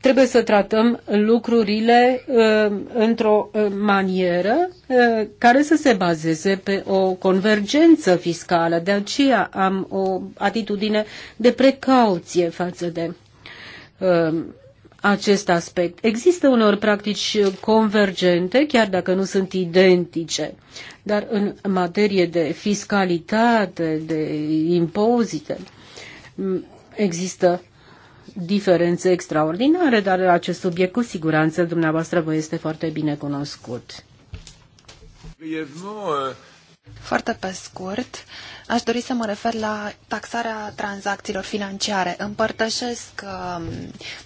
trebuie să tratăm lucrurile uh, într-o uh, manieră uh, care să se bazeze pe o convergență fiscală. De aceea am o atitudine de precauție față de acest aspect. Există unor practici convergente, chiar dacă nu sunt identice, dar în materie de fiscalitate, de impozite, există diferențe extraordinare, dar acest subiect cu siguranță dumneavoastră vă este foarte bine cunoscut. Euh, foarte pe scurt, Aș dori să mă refer la taxarea tranzacțiilor financiare. Împărtășesc um,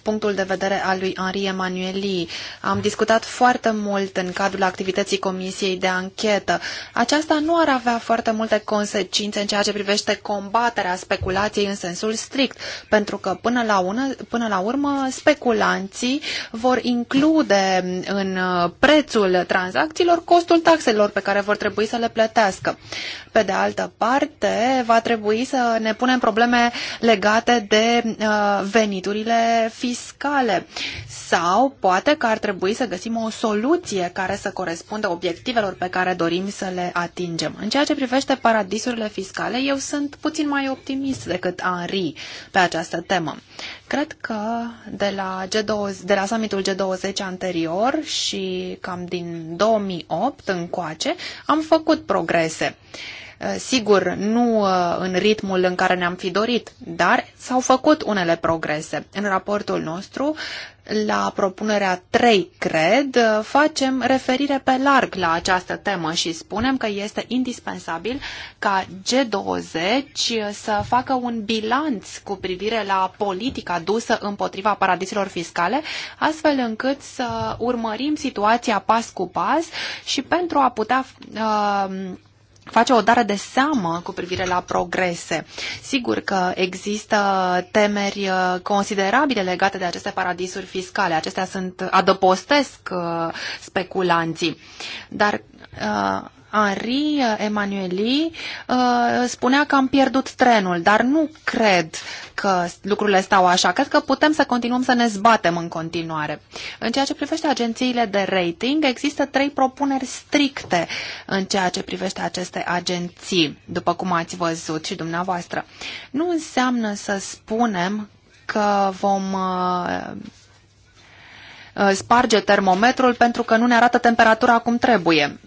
punctul de vedere al lui Henri Emanueli. Am discutat foarte mult în cadrul activității Comisiei de Anchetă. Aceasta nu ar avea foarte multe consecințe în ceea ce privește combaterea speculației în sensul strict, pentru că până la, una, până la urmă speculanții vor include în uh, prețul tranzacțiilor costul taxelor pe care vor trebui să le plătească. Pe de altă parte, 7 va trebui să ne punem probleme legate de uh, veniturile fiscale sau poate că ar trebui să găsim o soluție care să corespundă obiectivelor pe care dorim să le atingem. În ceea ce privește paradisurile fiscale, eu sunt puțin mai optimist decât Henri pe această temă. Cred că de la, G20, de la summitul G20 anterior și cam din 2008 încoace am făcut progrese. Uh, Eh, sigur, nu eh, în ritmul în care ne-am fi dorit, dar s-au făcut unele progrese. În raportul nostru, la propunerea 3, cred, eh, facem referire pe larg la această temă și spunem că este indispensabil ca G20 să facă un bilanț cu privire la politica dusă împotriva paradiselor fiscale, astfel încât să urmărim situația pas cu pas și pentru a putea uh, face o dare de seamă cu privire la progrese. Sigur că există temeri uh, considerabile legate de aceste paradisuri fiscale. Acestea sunt adăpostesc uh, speculanții. Dar uh, Henri Emanueli uh, spunea că am pierdut trenul, dar nu cred că lucrurile stau așa. Cred că putem să continuăm să ne zbatem în continuare. În ceea ce privește agențiile de rating, există trei propuneri stricte în ceea ce privește aceste agenții, după cum ați văzut și dumneavoastră. Nu înseamnă să spunem că vom uh, sparge termometrul pentru că nu ne arată temperatura cum trebuie.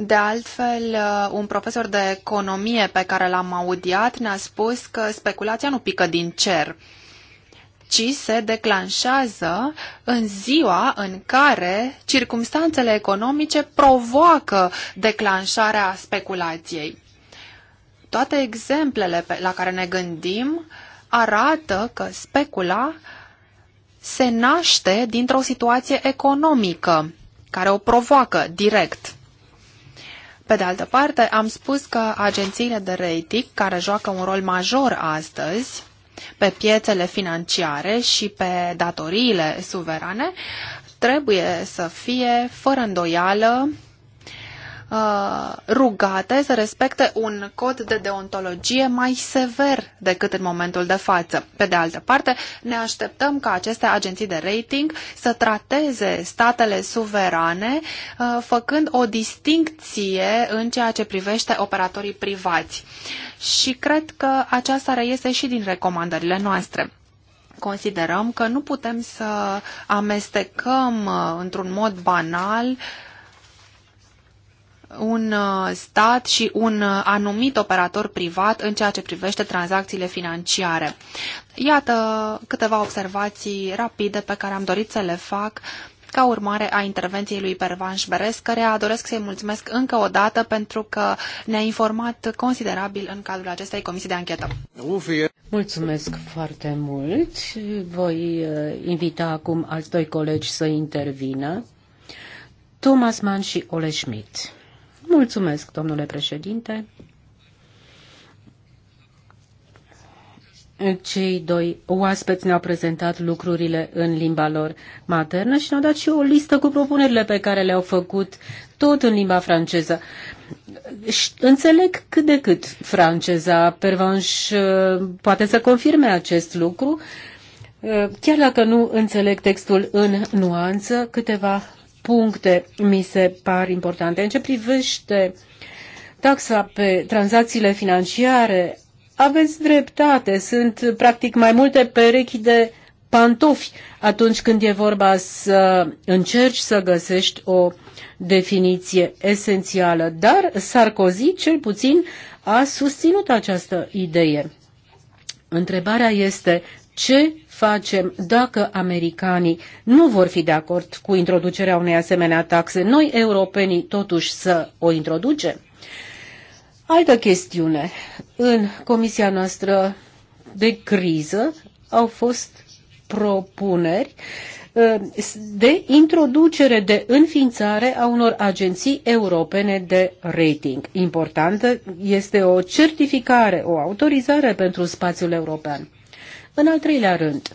De altfel, uh, un profesor de economie pe care l-am audiat ne-a spus că speculația nu pică din cer, ci se declanșează în ziua în care circumstanțele economice provoacă declanșarea speculației. Toate exemplele la care ne gândim arată că specula se naște dintr-o situație economică care o provoacă direct. Pe de altă parte, am spus că agențiile de rating, care joacă un rol major astăzi pe piețele financiare și pe datoriile suverane, trebuie să fie, fără îndoială, Uh, rugate să respecte un cod de deontologie mai sever decât în momentul de față. Pe de altă parte, ne așteptăm ca aceste agenții de rating să trateze statele suverane uh, făcând o distincție în ceea ce privește operatorii privați. Și cred că aceasta reiese și din recomandările noastre considerăm că nu putem să amestecăm uh, într-un mod banal un uh, stat și un uh, anumit operator privat în ceea ce privește tranzacțiile financiare. Iată câteva observații rapide pe care am dorit să le fac ca urmare a intervenției lui Pervanș Beres, căreia doresc să-i mulțumesc încă o dată pentru că ne-a informat considerabil în cadrul acestei comisii de anchetă. Mulțumesc foarte mult. Voi uh, invita acum alți doi colegi să intervină. Thomas Mann și Ole Schmidt. Mulțumesc, domnule președinte. Cei doi oaspeți ne-au prezentat lucrurile în limba lor maternă și ne-au dat și o listă cu propunerile pe care le-au făcut tot în limba franceză. Înțeleg cât de cât franceza. Pervanș poate să confirme acest lucru. Chiar dacă nu înțeleg textul în nuanță, câteva puncte mi se par importante. În ce privește taxa pe tranzacțiile financiare, aveți dreptate, sunt practic mai multe perechi de pantofi atunci când e vorba să încerci să găsești o definiție esențială. Dar Sarkozy, cel puțin, a susținut această idee. Întrebarea este ce facem dacă americanii nu vor fi de acord cu introducerea unei asemenea taxe? Noi, europenii, totuși să o introducem? Altă chestiune. În comisia noastră de criză au fost propuneri uh, de introducere, de înființare a unor agenții europene de rating. Importantă este o certificare, o autorizare pentru spațiul european. În al treilea rând,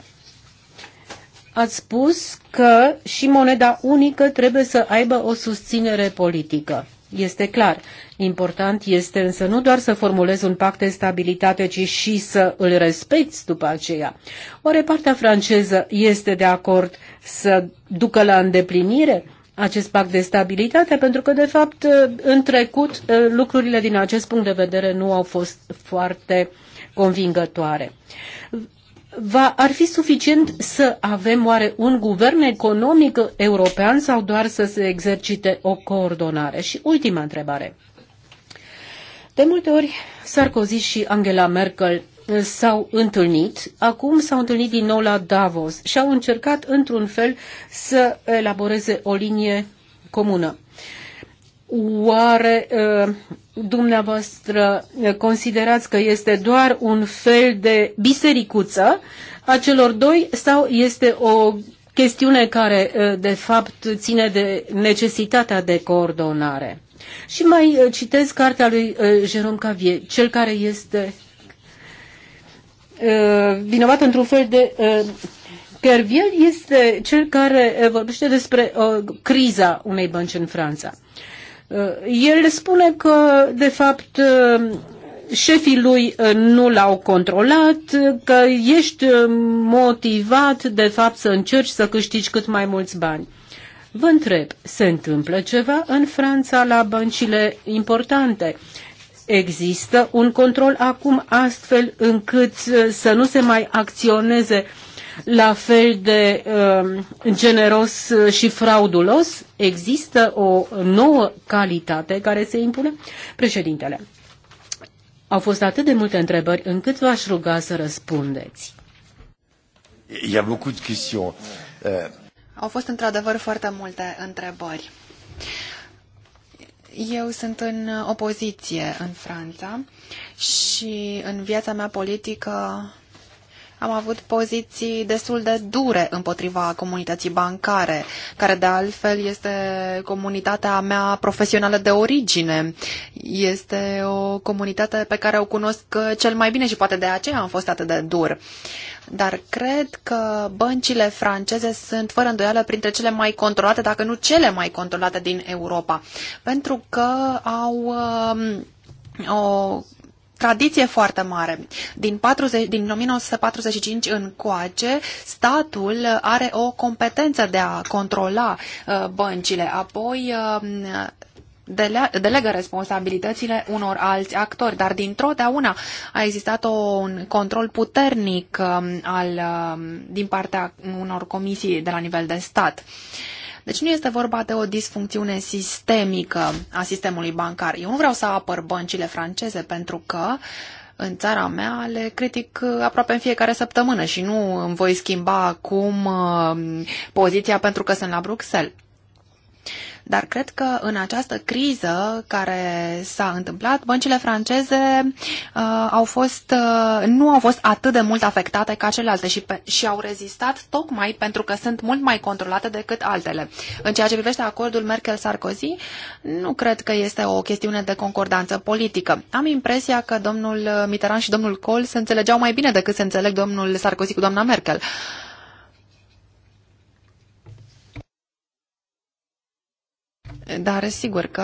ați spus că și moneda unică trebuie să aibă o susținere politică. Este clar. Important este însă nu doar să formulezi un pact de stabilitate, ci și să îl respecti după aceea. Oare partea franceză este de acord să ducă la îndeplinire acest pact de stabilitate? Pentru că, de fapt, în trecut, lucrurile din acest punct de vedere nu au fost foarte convingătoare. Va, ar fi suficient să avem oare un guvern economic european sau doar să se exercite o coordonare? Și ultima întrebare. De multe ori Sarkozy și Angela Merkel s-au întâlnit, acum s-au întâlnit din nou la Davos și au încercat într-un fel să elaboreze o linie comună. Oare dumneavoastră considerați că este doar un fel de bisericuță a celor doi sau este o chestiune care de fapt ține de necesitatea de coordonare? Și mai citesc cartea lui Jerome Cavie, cel care este vinovat într-un fel de Kerviel este cel care vorbește despre criza unei bănci în Franța. Uh, el spune că, de fapt, uh, șefii lui uh, nu l-au controlat, că ești motivat, de fapt, să încerci să câștigi cât mai mulți bani. Vă întreb, se întâmplă ceva în Franța la băncile importante? Există un control acum astfel încât să nu se mai acționeze uh, la fel de uh, generos și fraudulos? Există o nouă calitate care se impune? Președintele, au fost atât de multe întrebări încât v-aș ruga să răspundeți. Il beaucoup de questions. Euh, au fost într-adevăr foarte multe întrebări. Eu sunt în opoziție în Franța și în viața mea politică am avut poziții destul de dure împotriva comunității bancare, care de altfel este comunitatea mea profesională de origine. Este o comunitate pe care o cunosc cel mai bine și poate de aceea am fost atât de dur. Dar cred că băncile franceze sunt fără îndoială printre cele mai controlate, dacă nu cele mai controlate din Europa, pentru că au um, o tradiție foarte mare. Din, 40, din 1945 coace, statul are o competență de a controla uh, băncile. Apoi um, delegă responsabilitățile unor alți actori, dar dintr-o deauna a existat o, un control puternic um, al, um, din partea unor comisii de la nivel de stat. Uh, deci nu este vorba de o disfuncțiune sistemică a sistemului bancar. Eu nu vreau să apăr băncile franceze pentru că în țara mea le critic aproape în fiecare săptămână și nu îmi voi schimba acum uh, poziția pentru că sunt la Bruxelles. Dar cred că în această criză care s-a întâmplat, băncile franceze uh, au fost, uh, nu au fost atât de mult afectate ca celelalte și, pe, și au rezistat tocmai pentru că sunt mult mai controlate decât altele. În ceea ce privește acordul Merkel-Sarkozy, nu cred că este o chestiune de concordanță politică. Am impresia că domnul Mitterrand și domnul Kohl se înțelegeau mai bine decât se înțeleg domnul Sarkozy cu doamna Merkel. Uh, Dar sigur că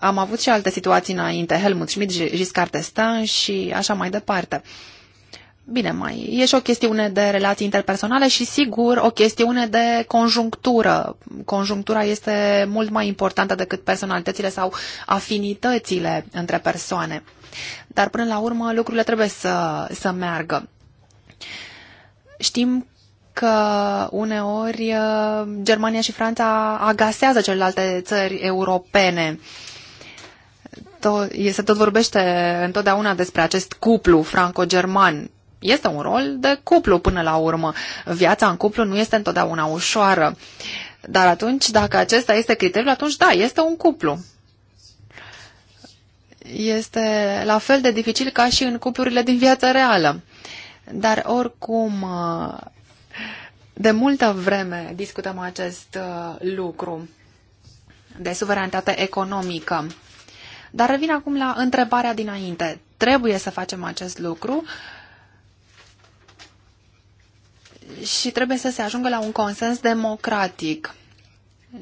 am avut și alte situații înainte, Helmut Schmidt, Giscard d'Estaing și așa mai departe. Bine, mai e și o chestiune de relații interpersonale și, sigur, o chestiune de conjunctură. Conjunctura este mult mai importantă decât personalitățile sau afinitățile între persoane. Dar, până la urmă, lucrurile trebuie să, să meargă. Știm că uneori uh, Germania și Franța agasează celelalte țări europene. Se tot vorbește întotdeauna despre acest cuplu franco-german. Este un rol de cuplu până la urmă. Viața în cuplu nu este întotdeauna ușoară. Dar atunci, dacă acesta este criteriul, atunci da, este un cuplu. Este la fel de dificil ca și în cuplurile din viața reală. Dar oricum, uh, de multă vreme discutăm acest uh, lucru de suveranitate economică. Dar revin acum la întrebarea dinainte. Trebuie să facem acest lucru și trebuie să se ajungă la un consens democratic.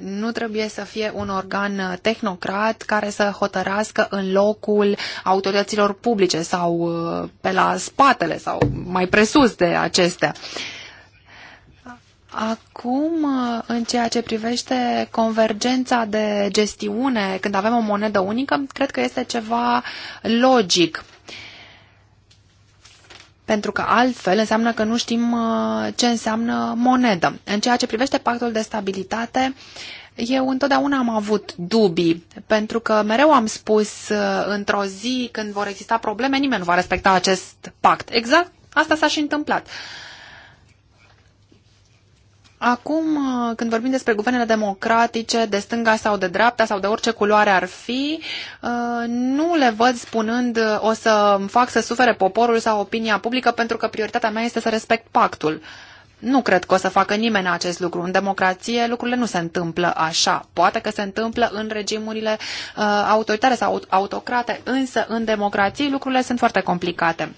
Nu trebuie să fie un organ uh, tehnocrat care să hotărască în locul autorităților publice sau uh, pe la spatele sau mai presus de acestea. Uh, Acum, uh, în ceea ce privește convergența de gestiune, când avem o monedă unică, cred că este ceva logic. Pentru că altfel înseamnă că nu știm uh, ce înseamnă monedă. În ceea ce privește pactul de stabilitate, eu întotdeauna am avut dubii, pentru că mereu am spus uh, într-o zi când vor exista probleme, nimeni nu va respecta acest pact. Exact asta s-a și întâmplat. Uh, Acum, uh, când vorbim despre guvernele democratice, de stânga sau de dreapta sau de orice culoare ar fi, uh, nu le văd spunând uh, o să fac să sufere poporul sau opinia publică pentru că prioritatea mea este să respect pactul. Nu cred că o să facă nimeni acest lucru. În democrație lucrurile nu se întâmplă așa. Poate că se întâmplă în regimurile uh, autoritare sau autocrate, însă în democrație lucrurile sunt foarte complicate.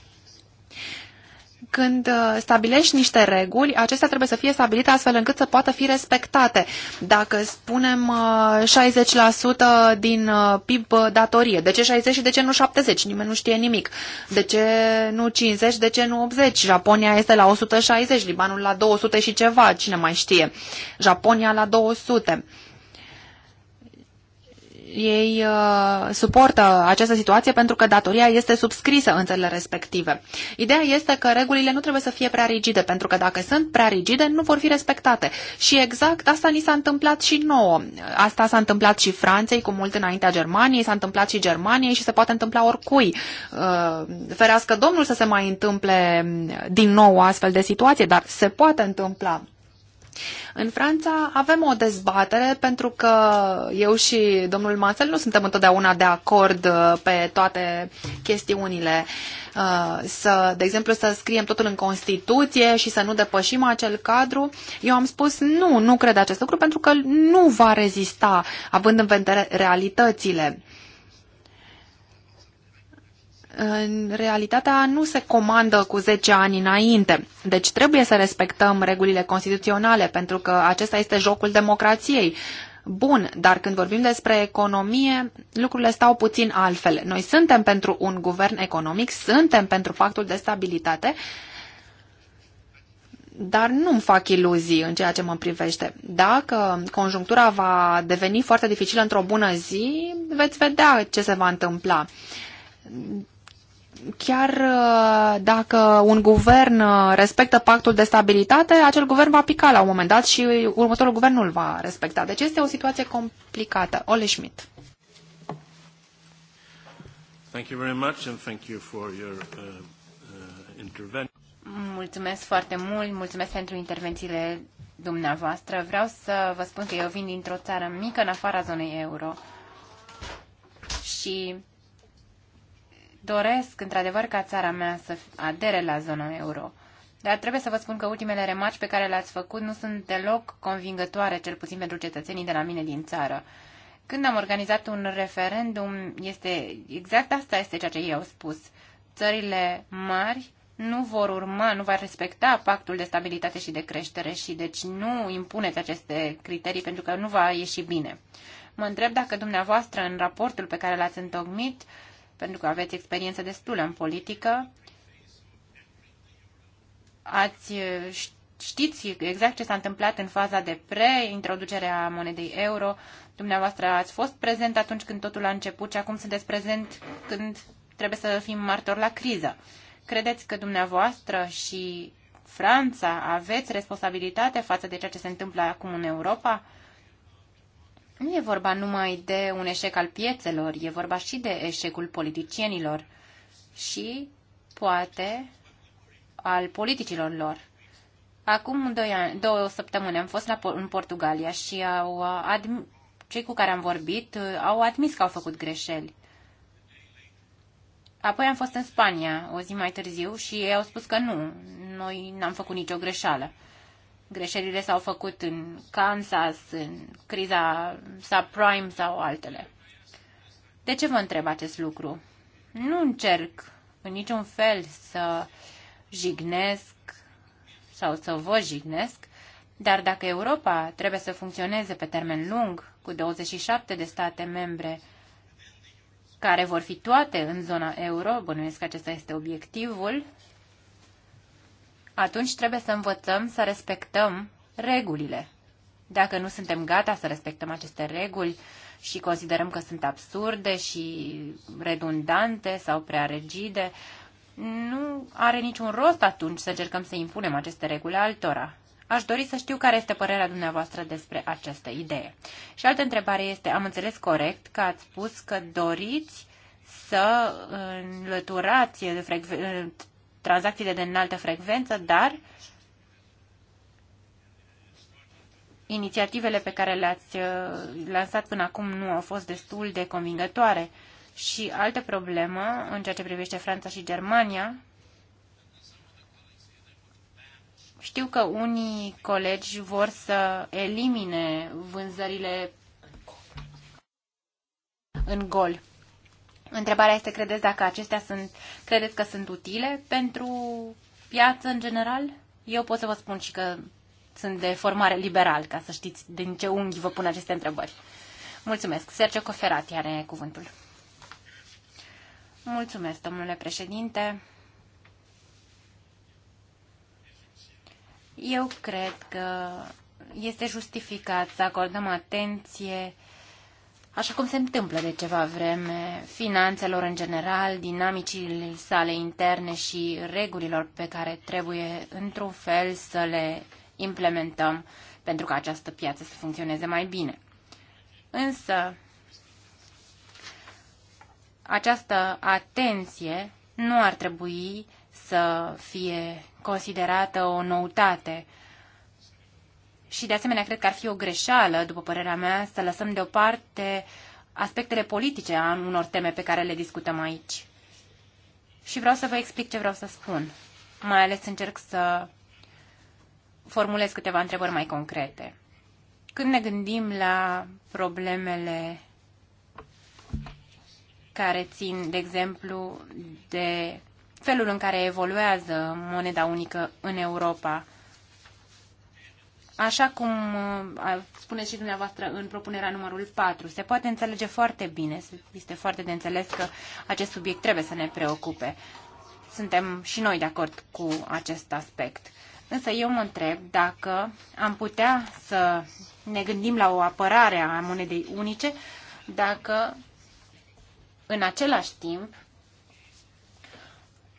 Când uh, stabilești niște reguli, acestea trebuie să fie stabilite astfel încât să poată fi respectate. Dacă spunem 60% uh, din uh, PIB datorie, de ce 60 și de ce nu 70? Nimeni nu știe nimic. De ce nu 50, de ce nu 80? Japonia este la 160, Libanul la 200 și ceva, cine mai știe. Japonia la 200 ei uh, suportă această situație pentru că datoria este subscrisă în țările respective. Ideea este că regulile nu trebuie să fie prea rigide, pentru că dacă sunt prea rigide, nu vor fi respectate. Și exact asta ni s-a întâmplat și nouă. Asta s-a întâmplat și Franței cu mult înaintea Germaniei, s-a întâmplat și Germaniei și se poate întâmpla oricui. Uh, ferească Domnul să se mai întâmple din nou o astfel de situație, dar se poate întâmpla. În Franța avem o dezbatere pentru că eu și domnul Mansel nu suntem întotdeauna de acord uh, pe toate chestiunile. Uh, să, de exemplu, să scriem totul în Constituție și să nu depășim acel cadru. Eu am spus nu, nu cred acest lucru pentru că nu va rezista având în vedere realitățile în realitatea nu se comandă cu 10 ani înainte. Deci trebuie să respectăm regulile constituționale, pentru că acesta este jocul democrației. Bun, dar când vorbim despre economie, lucrurile stau puțin altfel. Noi suntem pentru un guvern economic, suntem pentru factul de stabilitate, dar nu-mi fac iluzii în ceea ce mă privește. Dacă conjunctura va deveni foarte dificilă într-o bună zi, veți vedea ce se va întâmpla chiar uh, dacă un guvern uh, respectă pactul de stabilitate, acel guvern va pica la un moment dat și următorul guvern nu-l va respecta. Deci este o situație complicată. Ole Schmidt. Thank you very much and thank you for your uh, uh, intervention. Mulțumesc foarte mult, mulțumesc pentru intervențiile dumneavoastră. Vreau să vă spun că eu vin dintr-o țară mică în afara zonei euro și doresc într-adevăr ca țara mea să adere la zona euro. Dar trebuie să vă spun că ultimele remarci pe care le-ați făcut nu sunt deloc convingătoare, cel puțin pentru cetățenii de la mine din țară. Când am organizat un referendum, este exact asta este ceea ce ei au spus. Țările mari nu vor urma, nu va respecta pactul de stabilitate și de creștere și deci nu impuneți aceste criterii pentru că nu va ieși bine. Mă întreb dacă dumneavoastră în raportul pe care l-ați întocmit pentru că aveți experiență destulă în politică, ați știți exact ce s-a întâmplat în faza de pre-introducerea monedei euro. Dumneavoastră ați fost prezent atunci când totul a început și acum sunteți prezent când trebuie să fim martori la criză. Credeți că dumneavoastră și Franța aveți responsabilitate față de ceea ce se întâmplă acum în Europa? Nu e vorba numai de un eșec al piețelor, e vorba și de eșecul politicienilor și, poate, al politicilor lor. Acum doi ani, două săptămâni am fost la, în Portugalia și au uh, admi, cei cu care am vorbit uh, au admis că au făcut greșeli. Apoi am fost în Spania o zi mai târziu și ei au spus că nu, noi n-am făcut nicio greșeală. Greșelile s-au făcut în Kansas, în criza subprime sau altele. De ce vă întreb acest lucru? Nu încerc în niciun fel să jignesc sau să vă jignesc, dar dacă Europa trebuie să funcționeze pe termen lung, cu 27 de state membre care vor fi toate în zona euro, bănuiesc că acesta este obiectivul, atunci trebuie să învățăm să respectăm regulile. Dacă nu suntem gata să respectăm aceste reguli și considerăm că sunt absurde și redundante sau prea rigide, nu are niciun rost atunci să încercăm să impunem aceste reguli altora. Aș dori să știu care este părerea dumneavoastră despre această idee. Și altă întrebare este, am înțeles corect că ați spus că doriți să înlăturați tranzacțiile de înaltă frecvență, dar inițiativele pe care le-ați uh, lansat până acum nu au fost destul de convingătoare. Și altă problemă, în ceea ce privește Franța și Germania, știu că unii colegi vor să elimine vânzările în gol. Întrebarea este, credeți dacă acestea sunt, credeți că sunt utile pentru piață în general? Eu pot să vă spun și că sunt de formare liberal, ca să știți din ce unghi vă pun aceste întrebări. Mulțumesc. Sergio Coferati are cuvântul. Mulțumesc, domnule președinte. Eu cred că este justificat să acordăm atenție așa cum se întâmplă de ceva vreme, finanțelor în general, dinamicii sale interne și regulilor pe care trebuie într-un fel să le implementăm pentru ca această piață să funcționeze mai bine. Însă, această atenție nu ar trebui să fie considerată o noutate și de asemenea, cred că ar fi o greșeală, după părerea mea, să lăsăm deoparte aspectele politice a unor teme pe care le discutăm aici. Și vreau să vă explic ce vreau să spun. Mai ales încerc să formulez câteva întrebări mai concrete. Când ne gândim la problemele care țin, de exemplu, de felul în care evoluează moneda unică în Europa, Așa cum uh, spuneți și dumneavoastră în propunerea numărul 4, se poate înțelege foarte bine, este foarte de înțeles că acest subiect trebuie să ne preocupe. Suntem și noi de acord cu acest aspect. Însă eu mă întreb dacă am putea să ne gândim la o apărare a monedei unice, dacă în același timp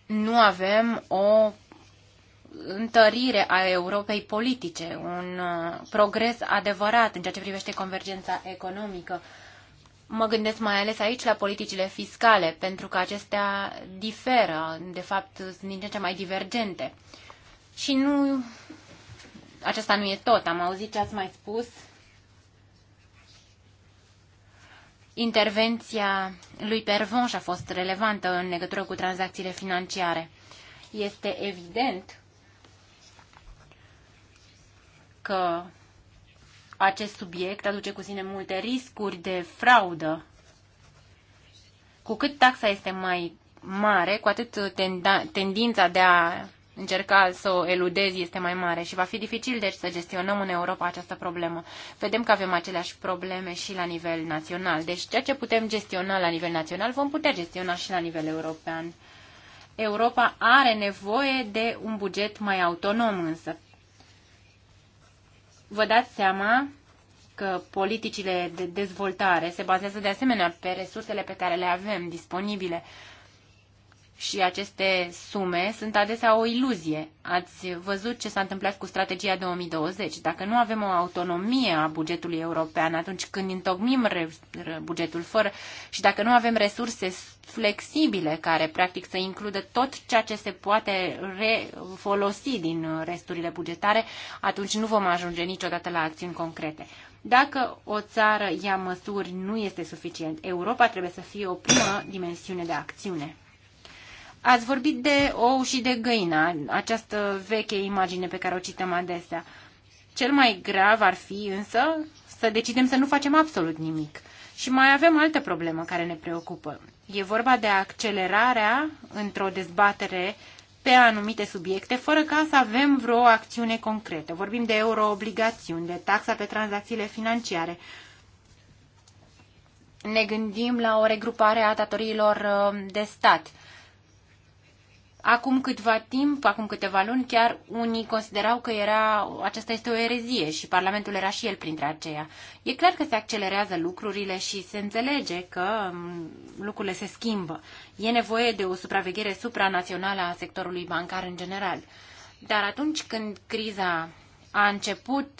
nu avem o întărire a Europei politice, un uh, progres adevărat în ceea ce privește convergența economică. Mă gândesc mai ales aici la politicile fiscale, pentru că acestea diferă, de fapt, sunt din ce ce mai divergente. Și nu... Acesta nu e tot. Am auzit ce ați mai spus. Intervenția lui Pervonș a fost relevantă în legătură cu tranzacțiile financiare. Este evident că acest subiect aduce cu sine multe riscuri de fraudă. Cu cât taxa este mai mare, cu atât tendința de a încerca să o eludezi este mai mare și va fi dificil deci să gestionăm în Europa această problemă. Vedem că avem aceleași probleme și la nivel național. Deci ceea ce putem gestiona la nivel național vom putea gestiona și la nivel european. Europa are nevoie de un buget mai autonom însă vă dați seama că politicile de dezvoltare se bazează de asemenea pe resursele pe care le avem disponibile și aceste sume sunt adesea o iluzie. Ați văzut ce s-a întâmplat cu strategia 2020. Dacă nu avem o autonomie a bugetului european atunci când întocmim bugetul fără și dacă nu avem resurse flexibile care practic să includă tot ceea ce se poate folosi din resturile bugetare, atunci nu vom ajunge niciodată la acțiuni concrete. Dacă o țară ia măsuri, nu este suficient. Europa trebuie să fie o primă dimensiune de acțiune. Ați vorbit de ou și de găină, această veche imagine pe care o cităm adesea. Cel mai grav ar fi însă să decidem să nu facem absolut nimic. Și mai avem altă problemă care ne preocupă. E vorba de accelerarea într-o dezbatere pe anumite subiecte, fără ca să avem vreo acțiune concretă. Vorbim de euroobligațiuni, de taxa pe tranzacțiile financiare. Ne gândim la o regrupare a datoriilor uh, de stat Acum câtva timp, acum câteva luni, chiar unii considerau că era, aceasta este o erezie și Parlamentul era și el printre aceia. E clar că se accelerează lucrurile și se înțelege că mm, lucrurile se schimbă. E nevoie de o supraveghere supranațională a sectorului bancar în general. Dar atunci când criza a început,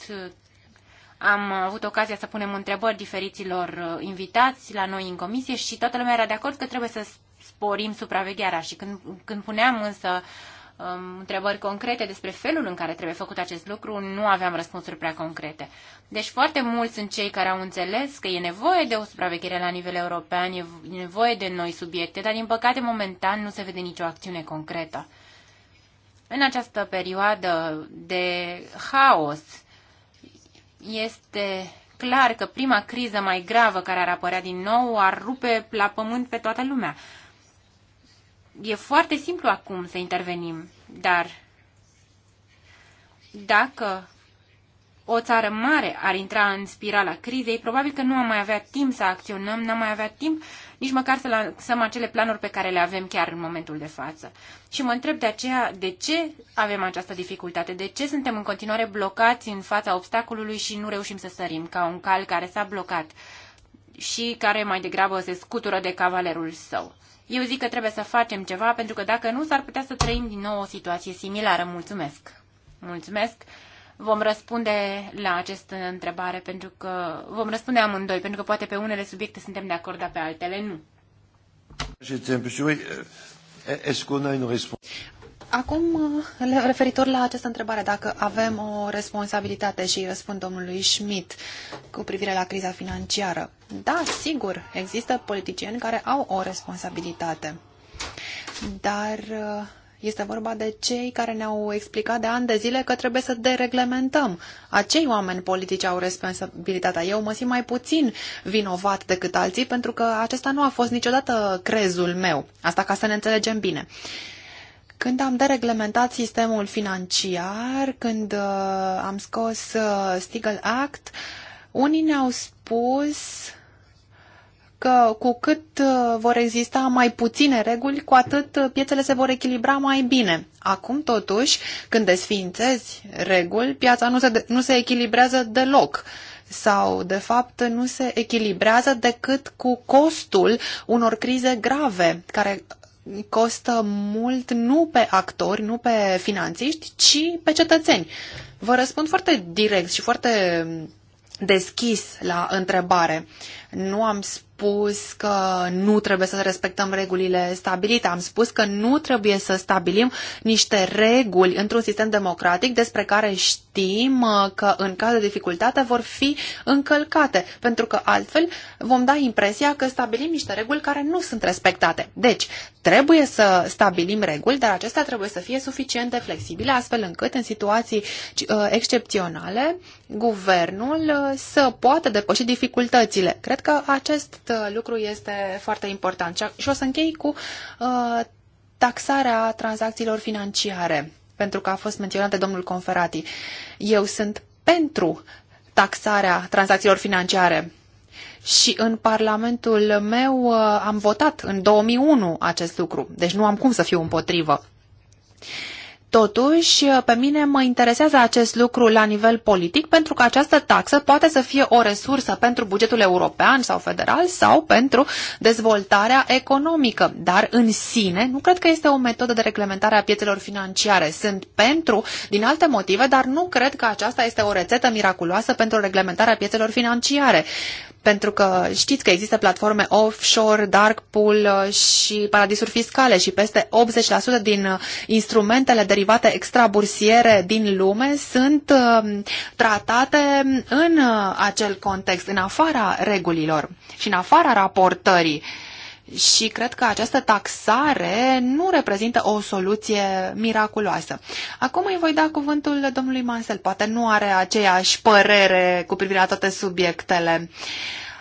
am avut ocazia să punem întrebări diferiților uh, invitați la noi în comisie și toată lumea era de acord că trebuie să sporim supravegherea. Și când, când puneam însă um, întrebări concrete despre felul în care trebuie făcut acest lucru, nu aveam răspunsuri prea concrete. Deci foarte mulți sunt cei care au înțeles că e nevoie de o supraveghere la nivel european, e nevoie de noi subiecte, dar din păcate momentan nu se vede nicio acțiune concretă. În această perioadă de haos este clar că prima criză mai gravă care ar apărea din nou ar rupe la pământ pe toată lumea e foarte simplu acum să intervenim, dar dacă o țară mare ar intra în spirala crizei, probabil că nu am mai avea timp să acționăm, n-am mai avea timp nici măcar să lansăm acele planuri pe care le avem chiar în momentul de față. Și mă întreb de aceea de ce avem această dificultate, de ce suntem în continuare blocați în fața obstacolului și nu reușim să sărim ca un cal care s-a blocat și care mai degrabă se scutură de cavalerul său. Eu zic că trebuie să facem ceva, pentru că dacă nu, s-ar putea să trăim din nou o situație similară. Mulțumesc! Mulțumesc! Vom răspunde la această întrebare, pentru că vom răspunde amândoi, pentru că poate pe unele subiecte suntem de acord, dar pe altele nu. Euh, Acum, referitor la această întrebare, dacă avem o responsabilitate și răspund domnului Schmidt cu privire la criza financiară, da, sigur, există politicieni care au o responsabilitate. Dar uh, este vorba de cei care ne-au explicat de ani de zile că trebuie să dereglementăm. Acei oameni politici au responsabilitatea. Eu mă simt mai puțin vinovat decât alții pentru că acesta nu a fost niciodată crezul meu. Asta ca să ne înțelegem bine. Când am dereglementat sistemul financiar, când uh, am scos uh, Stigl Act, uh, unii ne-au spus că cu cât uh, vor exista mai puține reguli, cu atât uh, piețele se vor echilibra mai bine. Acum, totuși, când desfințezi reguli, piața nu se, nu se echilibrează deloc sau, de fapt, nu se echilibrează decât cu costul unor crize grave, care costă mult nu pe actori, nu pe finanțiști, ci pe cetățeni. Vă răspund foarte direct și foarte deschis la întrebare. Nu am spus că nu trebuie să respectăm regulile stabilite, am spus că nu trebuie să stabilim niște reguli într-un sistem democratic despre care știm știm uh, că în caz de dificultate vor fi încălcate, pentru că altfel vom da impresia că stabilim niște reguli care nu sunt respectate. Deci, trebuie să stabilim reguli, dar acestea trebuie să fie suficient de flexibile, astfel încât în situații uh, excepționale guvernul uh, să poată depăși dificultățile. Cred că acest lucru este foarte important. Și o să închei cu taxarea tranzacțiilor financiare pentru că a fost menționat de domnul Conferati. Eu sunt pentru taxarea tranzacțiilor financiare. Și în Parlamentul meu uh, am votat în 2001 acest lucru, deci nu am cum să fiu împotrivă. Totuși, pe mine mă interesează acest lucru la nivel politic pentru că această taxă poate să fie o resursă pentru bugetul european sau federal sau pentru dezvoltarea economică, dar în sine nu cred că este o metodă de reglementare a piețelor financiare. Sunt pentru din alte motive, dar nu cred că aceasta este o rețetă miraculoasă pentru reglementarea piețelor financiare pentru că știți că există platforme offshore, dark pool uh, și paradisuri fiscale și peste 80% din uh, instrumentele derivate extrabursiere din lume sunt um, tratate în uh, acel context, în afara regulilor și în afara raportării și cred că această taxare nu reprezintă o soluție miraculoasă. Acum îi voi da cuvântul domnului Mansel. Poate nu are aceeași părere cu privire la toate subiectele.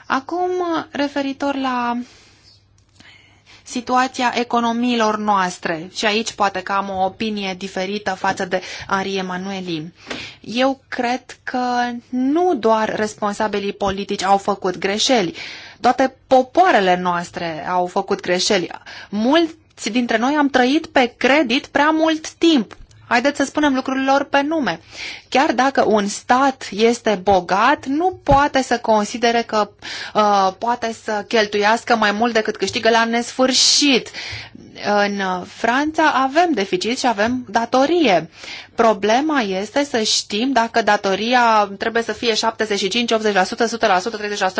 Acum, referitor la situația economiilor noastre. Și aici poate că am o opinie diferită față de Ari Emanueli. Eu cred că nu doar responsabilii politici au făcut greșeli. Toate popoarele noastre au făcut greșeli. Mulți dintre noi am trăit pe credit prea mult timp Haideți să spunem lucrurilor pe nume. Chiar dacă un stat este bogat, nu poate să considere că uh, poate să cheltuiască mai mult decât câștigă la nesfârșit. În Franța avem deficit și avem datorie. Problema este să știm dacă datoria trebuie să fie 75-80%, 100%,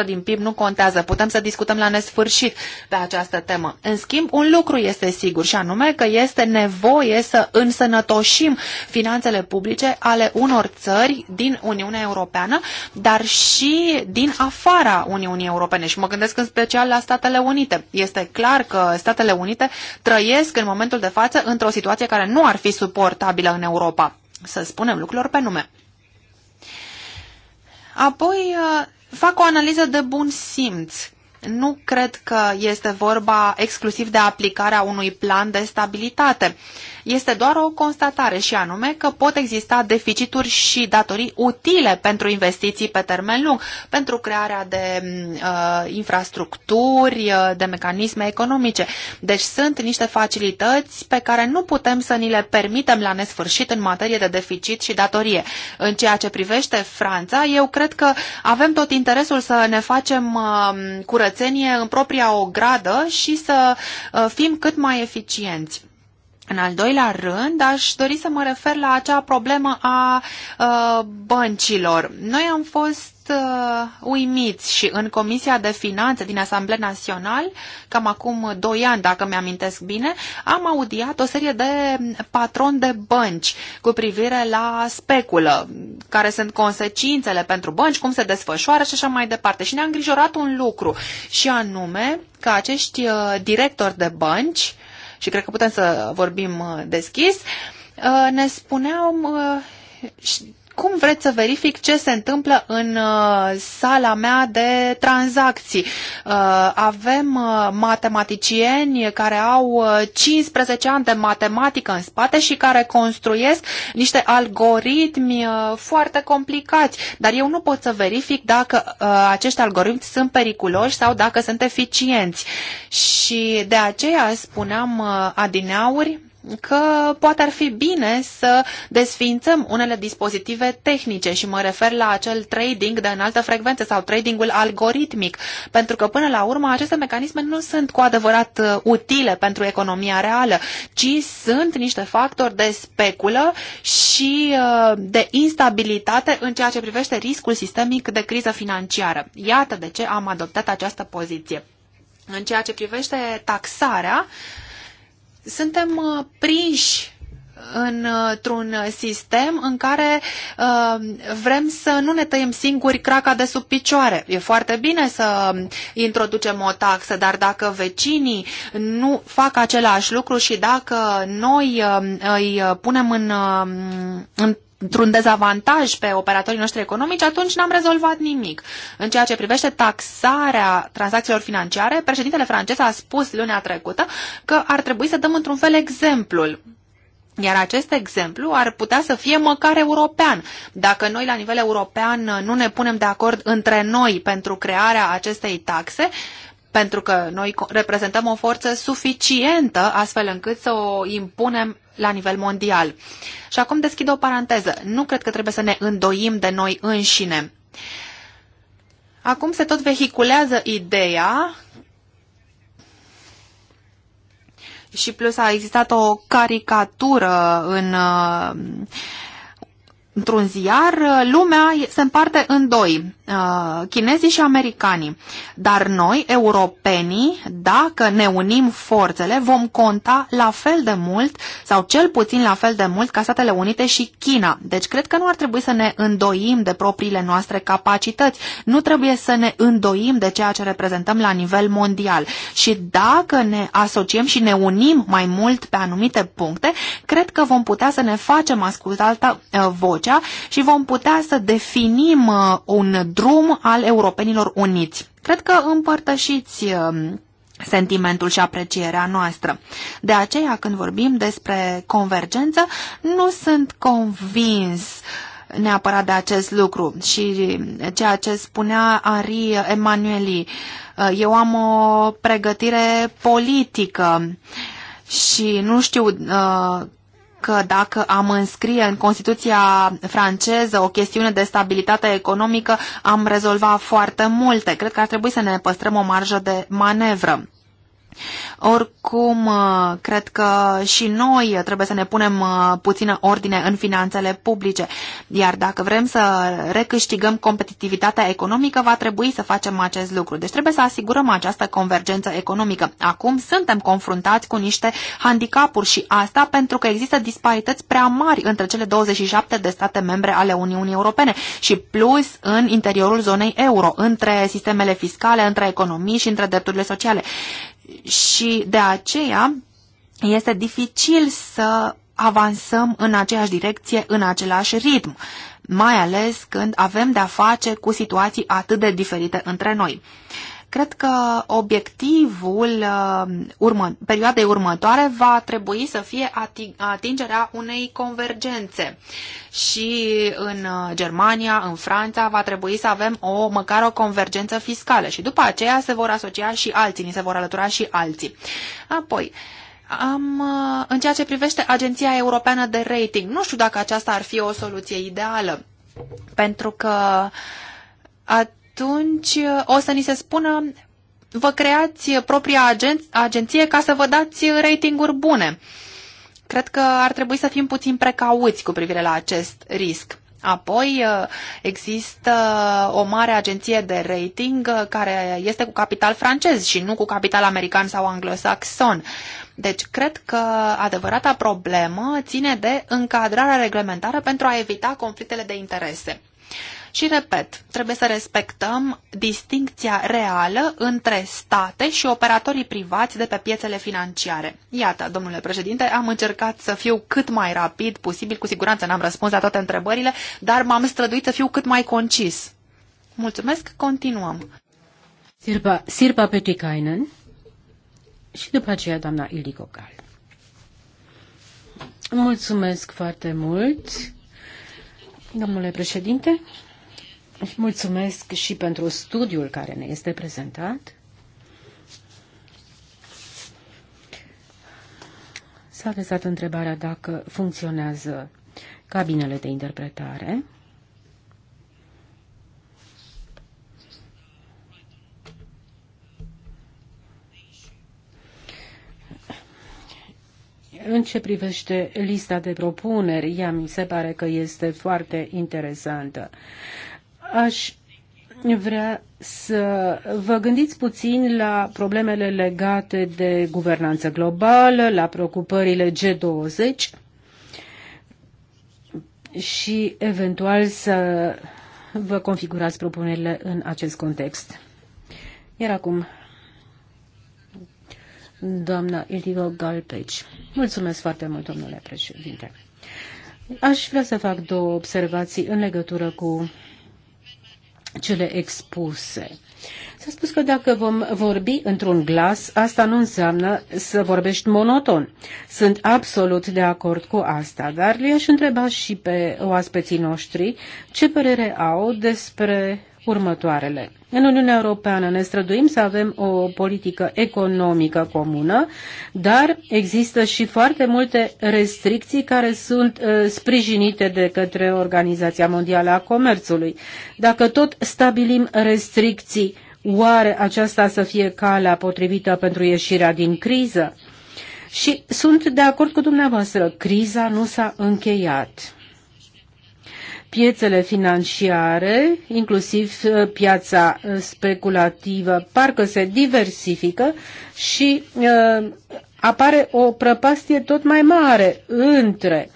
30% din PIB, nu contează. Putem să discutăm la nesfârșit pe această temă. În schimb, un lucru este sigur și anume că este nevoie să însănătoșim depășim finanțele publice ale unor țări din Uniunea Europeană, dar și din afara Uniunii Europene și mă gândesc în special la Statele Unite. Este clar că Statele Unite trăiesc în momentul de față într-o situație care nu ar fi suportabilă în Europa, să spunem lucrurilor pe nume. Apoi uh, fac o analiză de bun simț nu cred că este vorba exclusiv de aplicarea unui plan de stabilitate. Este doar o constatare și anume că pot exista deficituri și datorii utile pentru investiții pe termen lung, pentru crearea de uh, infrastructuri, uh, de mecanisme economice. Deci sunt niște facilități pe care nu putem să ni le permitem la nesfârșit în materie de deficit și datorie. În ceea ce privește Franța, eu cred că avem tot interesul să ne facem uh, curățenie cetățenie în propria ogradă și să uh, fim cât mai eficienți. În al doilea rând, aș dori să mă refer la acea problemă a uh, băncilor. Noi am fost fost uh, uimiți și în Comisia de Finanțe din Asamblea Național, cam acum 2 ani, dacă mi-amintesc bine, am audiat o serie de patroni de bănci cu privire la speculă, care sunt consecințele pentru bănci, cum se desfășoară și așa mai departe. Și ne-a îngrijorat un lucru, și anume că acești uh, directori de bănci, și cred că putem să vorbim uh, deschis, uh, ne spuneau uh, cum vreți să verific ce se întâmplă în uh, sala mea de tranzacții? Uh, avem uh, matematicieni care au 15 ani de matematică în spate și care construiesc niște algoritmi foarte complicați, dar eu nu pot să verific dacă acești algoritmi sunt periculoși sau dacă sunt eficienți. Și de aceea spuneam adineauri că poate ar fi bine să desfințăm unele dispozitive tehnice și mă refer la acel trading de înaltă frecvență sau tradingul algoritmic, pentru că până la urmă aceste mecanisme nu sunt cu adevărat uh, utile pentru economia reală, ci sunt niște factori de speculă și uh, de instabilitate în ceea ce privește riscul sistemic de criză financiară. Iată de ce am adoptat această poziție. În ceea ce privește taxarea, uh, suntem uh, prinși uh, într-un sistem în care uh, vrem să nu ne tăiem singuri craca de sub picioare. E foarte bine să introducem o taxă, dar dacă vecinii nu fac același lucru și dacă noi uh, îi punem în, uh, în într-un dezavantaj pe operatorii noștri economici, atunci n-am rezolvat nimic. În ceea ce privește taxarea tranzacțiilor financiare, președintele francez a spus lunea trecută că ar trebui să dăm într-un fel exemplul. Iar acest exemplu ar putea să fie măcar european. Dacă noi la nivel european nu ne punem de acord între noi pentru crearea acestei taxe, pentru că noi reprezentăm o forță suficientă astfel încât să o impunem la nivel mondial. Și acum deschid o paranteză. Nu cred că trebuie să ne îndoim de noi înșine. Acum se tot vehiculează ideea și plus a existat o caricatură în uh, într-un ziar, uh, lumea se împarte în doi, uh, chinezii și americanii. Dar noi, europenii, dacă ne unim forțele, vom conta la fel de mult sau cel puțin la fel de mult ca Statele Unite și China. Deci cred că nu ar trebui să ne îndoim de propriile noastre capacități. Nu trebuie să ne îndoim de ceea ce reprezentăm la nivel mondial. Și dacă ne asociem și ne unim mai mult pe anumite puncte, cred că vom putea să ne facem ascultată uh, voce vocea și vom putea să definim uh, un drum al europenilor uniți. Cred că împărtășiți um, sentimentul și aprecierea noastră. De aceea, când vorbim despre convergență, nu sunt convins neapărat de acest lucru și ceea ce spunea Ari Emanueli. Uh, eu am o pregătire politică și nu știu uh, că dacă am înscrie în Constituția franceză o chestiune de stabilitate economică, am rezolvat foarte multe. Cred că ar trebui să ne păstrăm o marjă de manevră. Oricum, uh, cred că și noi trebuie să ne punem uh, puțină ordine în finanțele publice, iar dacă vrem să recâștigăm competitivitatea economică, va trebui să facem acest lucru. Deci trebuie să asigurăm această convergență economică. Acum suntem confruntați cu niște handicapuri și asta pentru că există disparități prea mari între cele 27 de state membre ale Uniunii Europene și plus în interiorul zonei euro, între sistemele fiscale, între economii și între drepturile sociale și de aceea este dificil să avansăm în aceeași direcție, în același ritm, mai ales când avem de-a face cu situații atât de diferite între noi. Cred că obiectivul uh, urmă, perioadei următoare va trebui să fie atingerea unei convergențe. Și în uh, Germania, în Franța, va trebui să avem o, măcar o convergență fiscală. Și după aceea se vor asocia și alții, ni se vor alătura și alții. Apoi, am, uh, în ceea ce privește Agenția Europeană de Rating, nu știu dacă aceasta ar fi o soluție ideală, pentru că a, atunci uh, o să ni se spună vă creați propria agen- agenție ca să vă dați ratinguri bune. Cred că ar trebui să fim puțin precauți cu privire la acest risc. Apoi uh, există o mare agenție de rating uh, care este cu capital francez și nu cu capital american sau anglosaxon. Deci cred că adevărata problemă ține de încadrarea reglementară pentru a evita conflictele de interese. Și repet, trebuie să respectăm distincția reală între state și operatorii privați de pe piețele financiare. Iată, domnule președinte, am încercat să fiu cât mai rapid posibil, cu siguranță n-am răspuns la toate întrebările, dar m-am străduit să fiu cât mai concis. Mulțumesc, continuăm. Sirpa, Sirpa Petikainen și după aceea doamna Ilico Gal. Mulțumesc foarte mult, domnule președinte. Mulțumesc și pentru studiul care ne este prezentat. S-a adresat întrebarea dacă funcționează cabinele de interpretare. În ce privește lista de propuneri, ea mi se pare că este foarte interesantă aș vrea să vă gândiți puțin la problemele legate de guvernanță globală, la preocupările G20 și eventual să vă configurați propunerile în acest context. Iar acum, doamna Ildigo Galpeci. Mulțumesc foarte mult, domnule președinte. Aș vrea să fac două observații în legătură cu cele expuse. S-a spus că dacă vom vorbi într-un glas, asta nu înseamnă să vorbești monoton. Sunt absolut de acord cu asta, dar le aș întreba și pe oaspeții noștri ce părere au despre următoarele. În Uniunea Europeană ne străduim să avem o politică economică comună, dar există și foarte multe restricții care sunt uh, sprijinite de către Organizația Mondială a Comerțului. Dacă tot stabilim restricții, oare aceasta să fie calea potrivită pentru ieșirea din criză? Și sunt de acord cu dumneavoastră, criza nu s-a încheiat piețele financiare, inclusiv uh, piața uh, speculativă, parcă se diversifică și uh, apare o prăpastie tot mai mare între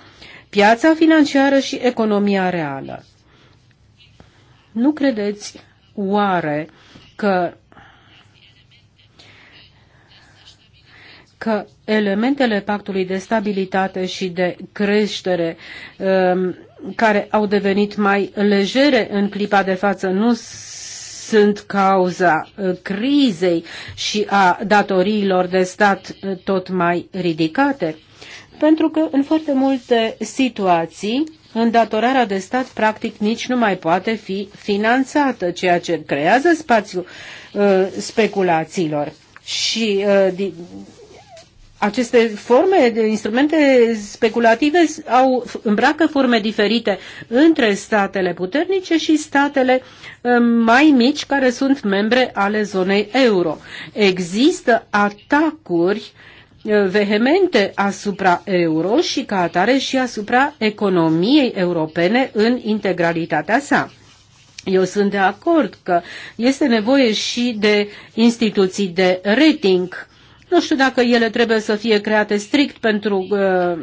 piața financiară și economia reală. Nu credeți oare că că elementele pactului de stabilitate și de creștere uh, care au devenit mai legere în clipa de față nu sunt cauza uh, crizei și a datoriilor de stat uh, tot mai ridicate? Pentru că în foarte multe situații îndatorarea de stat practic nici nu mai poate fi finanțată, ceea ce creează spațiu uh, speculațiilor. Și uh, aceste forme de instrumente speculative au îmbracă forme diferite între statele puternice și statele um, mai mici care sunt membre ale zonei euro. Există atacuri uh, vehemente asupra euro și ca atare și asupra economiei europene în integralitatea sa. Eu sunt de acord că este nevoie și de instituții de rating nu știu dacă ele trebuie să fie create strict pentru uh,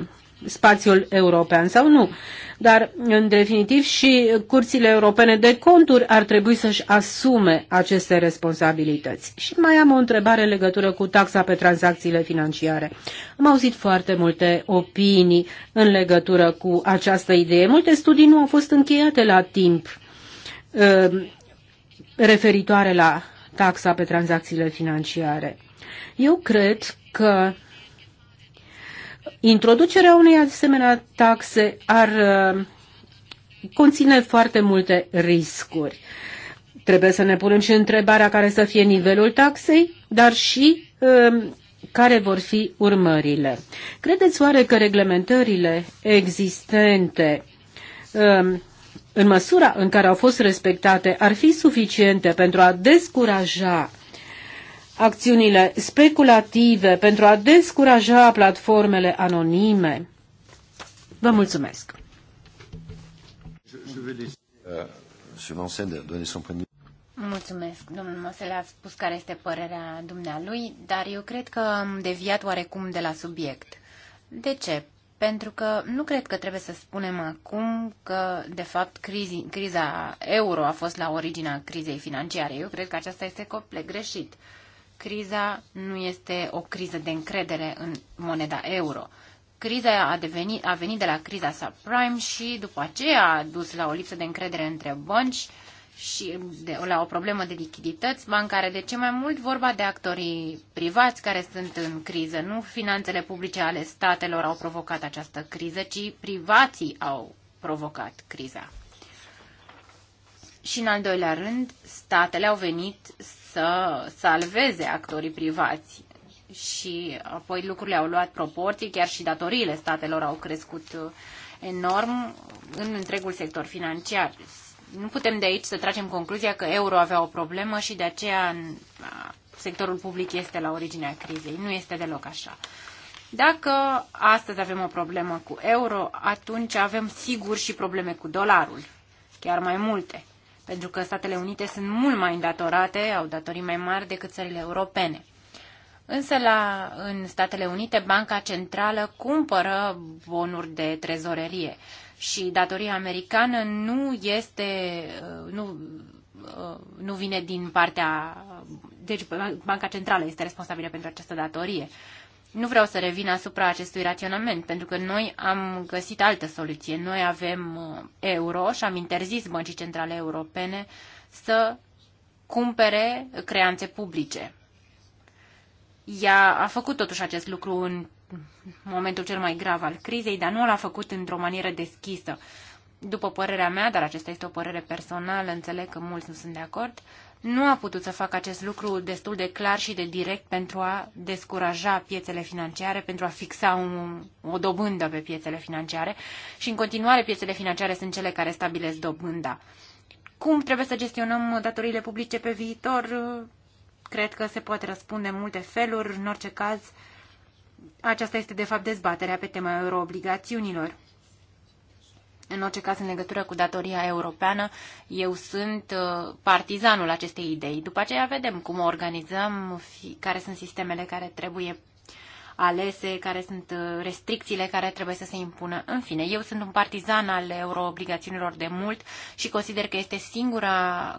spațiul european sau nu. Dar, în definitiv, și curțile europene de conturi ar trebui să-și asume aceste responsabilități. Și mai am o întrebare în legătură cu taxa pe tranzacțiile financiare. Am auzit foarte multe opinii în legătură cu această idee. Multe studii nu au fost încheiate la timp uh, referitoare la taxa pe tranzacțiile financiare. Eu cred că introducerea unei asemenea taxe ar uh, conține foarte multe riscuri. Trebuie să ne punem și întrebarea care să fie nivelul taxei, dar și um, care vor fi urmările. Credeți oare că reglementările existente um, în măsura în care au fost respectate ar fi suficiente pentru a descuraja acțiunile speculative pentru a descuraja platformele anonime. Vă mulțumesc. Mulțumesc. Domnul Mosele a spus care este părerea dumnealui, dar eu cred că am deviat oarecum de la subiect. De ce? Pentru că nu cred că trebuie să spunem acum că, de fapt, crizi, criza euro a fost la originea crizei financiare. Eu cred că aceasta este complet greșit. Uh, criza nu este o criză de încredere în moneda euro. Criza a, devenit, a venit de la criza subprime și după aceea a dus la o lipsă de încredere între bănci și de, la o problemă de lichidități bancare. De deci ce mai mult vorba de actorii privați care sunt în criză? Nu finanțele publice ale statelor au provocat această criză, ci privații au provocat criza. Și în al doilea rând, statele au venit să salveze actorii privați și apoi lucrurile au luat proporții, chiar și datoriile statelor au crescut uh, enorm în întregul sector financiar. Nu putem de aici să tragem concluzia că euro avea o problemă și de aceea uh, sectorul public este la originea crizei. Nu este deloc așa. Dacă astăzi avem o problemă cu euro, atunci avem sigur și probleme cu dolarul, chiar mai multe pentru că Statele Unite sunt mult mai îndatorate, au datorii mai mari decât țările europene. Însă la, în Statele Unite, Banca Centrală cumpără bonuri de trezorerie și datoria americană nu este, uh, nu, uh, nu vine din partea, deci Banca Centrală este responsabilă pentru această datorie. Nu vreau să revin asupra acestui raționament, pentru că noi am găsit altă soluție. Noi avem uh, euro și am interzis băncii centrale europene să cumpere creanțe publice. Ea a făcut totuși acest lucru în momentul cel mai grav al crizei, dar nu l-a făcut într-o manieră deschisă. După părerea mea, dar aceasta este o părere personală, înțeleg că mulți nu sunt de acord, nu a putut să facă acest lucru destul de clar și de direct pentru a descuraja piețele financiare, pentru a fixa un, o dobândă pe piețele financiare și în continuare piețele financiare sunt cele care stabilesc dobânda. Cum trebuie să gestionăm datoriile publice pe viitor? Cred că se poate răspunde în multe feluri, în orice caz. Aceasta este de fapt dezbaterea pe tema euroobligațiunilor. În orice caz, în legătură cu datoria europeană, eu sunt uh, partizanul acestei idei. După aceea vedem cum organizăm, care sunt sistemele care trebuie alese, care sunt uh, restricțiile care trebuie să se impună. În fine, eu sunt un partizan al euroobligațiunilor de mult și consider că este singura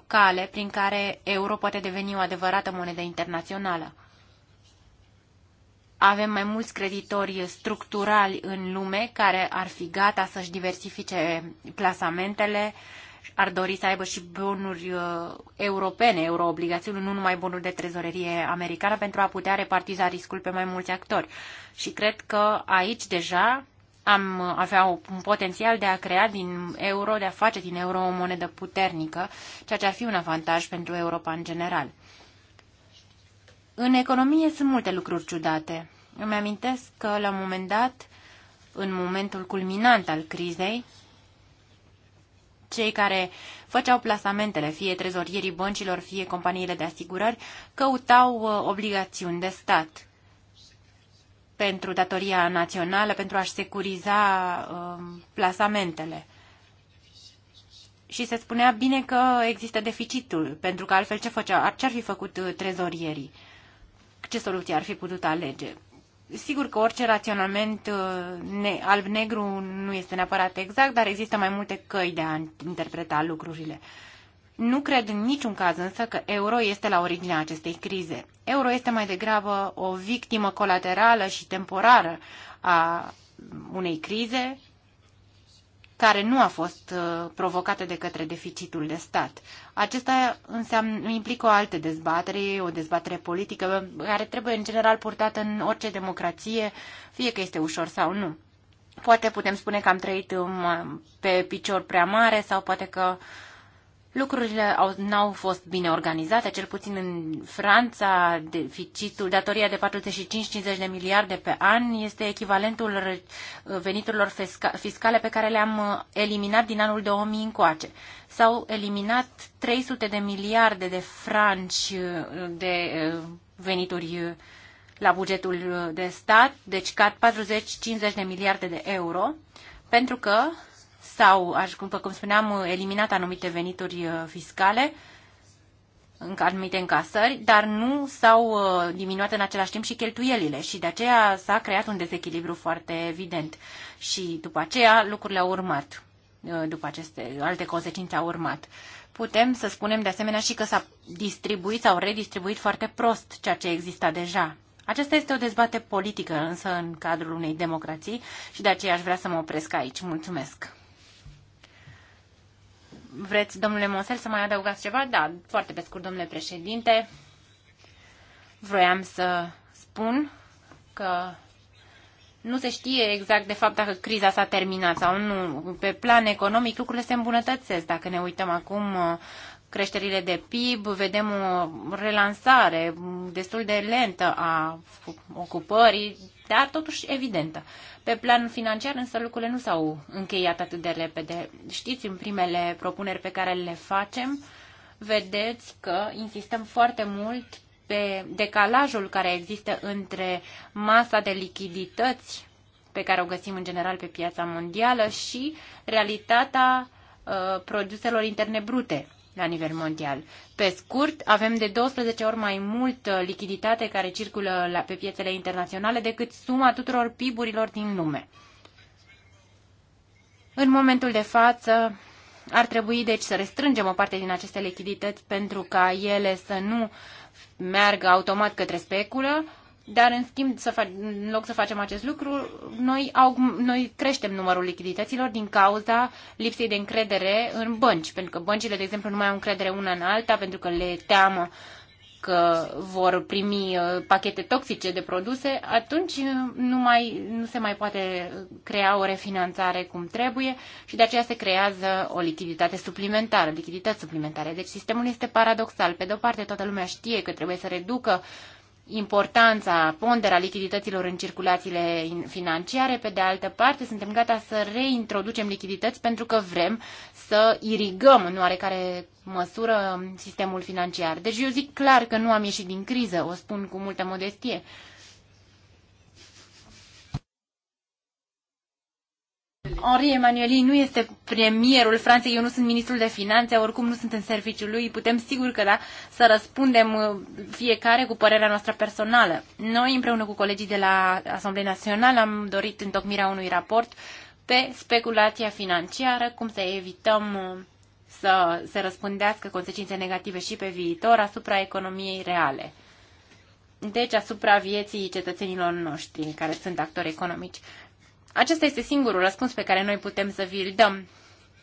cale prin care euro poate deveni o adevărată monedă internațională avem mai mulți creditori structurali în lume care ar fi gata să-și diversifice plasamentele, ar dori să aibă și bonuri uh, europene, euroobligațiuni, nu numai bonuri de trezorerie americană, pentru a putea repartiza riscul pe mai mulți actori. Și cred că aici deja am avea un potențial de a crea din euro, de a face din euro o monedă puternică, ceea ce ar fi un avantaj pentru Europa în general. În economie sunt multe lucruri ciudate. Îmi amintesc că la un moment dat, în momentul culminant al crizei, cei care făceau plasamentele, fie trezorierii băncilor, fie companiile de asigurări, căutau uh, obligațiuni de stat pentru datoria națională, pentru a-și securiza uh, plasamentele. Și se spunea bine că există deficitul, pentru că altfel ce, făcea, ce ar fi făcut uh, trezorierii? Ce soluție ar fi putut alege? Sigur că orice raționament uh, alb-negru nu este neapărat exact, dar există mai multe căi de a interpreta lucrurile. Nu cred în niciun caz însă că euro este la originea acestei crize. Euro este mai degrabă o victimă colaterală și temporară a unei crize care nu a fost uh, provocată de către deficitul de stat. Acesta înseamnă, implică o altă dezbatere, o dezbatere politică care trebuie în general purtată în orice democrație, fie că este ușor sau nu. Poate putem spune că am trăit um, pe picior prea mare sau poate că uh, Lucrurile n-au fost bine organizate, cel puțin în Franța, deficitul, datoria de 45-50 de miliarde pe an este echivalentul veniturilor fiscale pe care le-am uh, eliminat din anul 2000 încoace. S-au eliminat 300 de miliarde de franci uh, de uh, venituri la bugetul de stat, deci cad 40-50 de miliarde de euro, pentru că sau, aș, după cum spuneam, eliminat anumite venituri uh, fiscale, în anumite încasări, dar nu s-au uh, diminuat în același timp și cheltuielile și de aceea s-a creat un dezechilibru foarte evident și după aceea lucrurile au urmat, uh, după aceste alte consecințe au urmat. Putem să spunem de asemenea și că s-a distribuit sau redistribuit foarte prost ceea ce exista deja. Aceasta este o dezbate politică, însă în cadrul unei democrații și de aceea aș vrea să mă opresc aici. Mulțumesc! Vreți, domnule Monsel, să mai adăugați ceva? Da, foarte pe scurt, domnule președinte. Vroiam să spun că nu se știe exact, de fapt, dacă criza s-a terminat sau nu. Pe plan economic, lucrurile se îmbunătățesc. Dacă ne uităm acum creșterile de PIB, vedem o relansare destul de lentă a ocupării, dar totuși evidentă. Pe plan financiar însă lucrurile nu s-au încheiat atât de repede. Știți, în primele propuneri pe care le facem, vedeți că insistăm foarte mult pe decalajul care există între masa de lichidități pe care o găsim în general pe piața mondială și realitatea uh, produselor interne brute la nivel mondial. Pe scurt, avem de 12 ori mai mult uh, lichiditate care circulă la, pe piețele internaționale decât suma tuturor PIB-urilor din lume. În momentul de față, ar trebui deci să restrângem o parte din aceste lichidități pentru ca ele să nu meargă automat către speculă, dar, în schimb, să fac în loc să facem acest lucru, noi, au, noi creștem numărul lichidităților din cauza lipsei de încredere în bănci. Pentru că băncile, de exemplu, nu mai au încredere una în alta pentru că le teamă că vor primi uh, pachete toxice de produse, atunci uh, nu, mai, nu se mai poate crea o refinanțare cum trebuie și de aceea se creează o lichiditate suplimentară, lichidități suplimentare. Deci sistemul este paradoxal. Pe de-o parte, toată lumea știe că trebuie să reducă uh, importanța, ponderea lichidităților în circulațiile financiare. Pe de altă parte, suntem gata să reintroducem lichidități pentru că vrem să irigăm în oarecare măsură sistemul financiar. Deci eu zic clar că nu am ieșit din criză, o spun cu multă modestie. Henri Emmanueli nu este premierul Franței, eu nu sunt ministrul de finanțe, oricum nu sunt în serviciul lui, putem sigur că da, să răspundem uh, fiecare cu părerea noastră personală. Noi, împreună cu colegii de la Asamblea Națională, am dorit întocmirea unui raport pe speculația financiară, cum să evităm uh, să se răspândească consecințe negative și pe viitor asupra economiei reale. Deci asupra vieții cetățenilor noștri care sunt actori economici. Acesta este singurul răspuns pe care noi putem să vi-l dăm.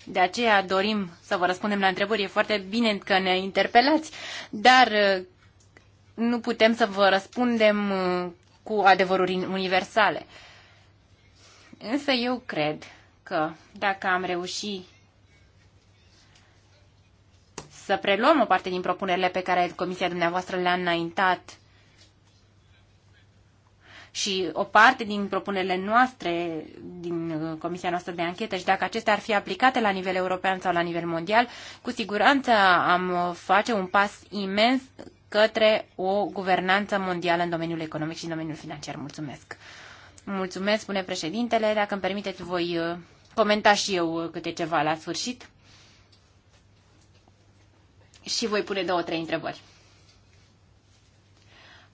De aceea dorim să vă răspundem la întrebări. E foarte bine că ne interpelați, dar uh, nu putem să vă răspundem uh, cu adevăruri universale. Însă eu cred că dacă am reușit să preluăm o parte din propunerile pe care Comisia dumneavoastră le-a înaintat și o parte din propunerile noastre din uh, Comisia noastră de anchetă și dacă acestea ar fi aplicate la nivel european sau la nivel mondial, cu siguranță am uh, face un pas imens către o guvernanță mondială în domeniul economic și în domeniul financiar. Mulțumesc! Mulțumesc, spune președintele. Dacă îmi permiteți, voi uh, comenta și eu câte ceva la sfârșit și voi pune două, trei întrebări.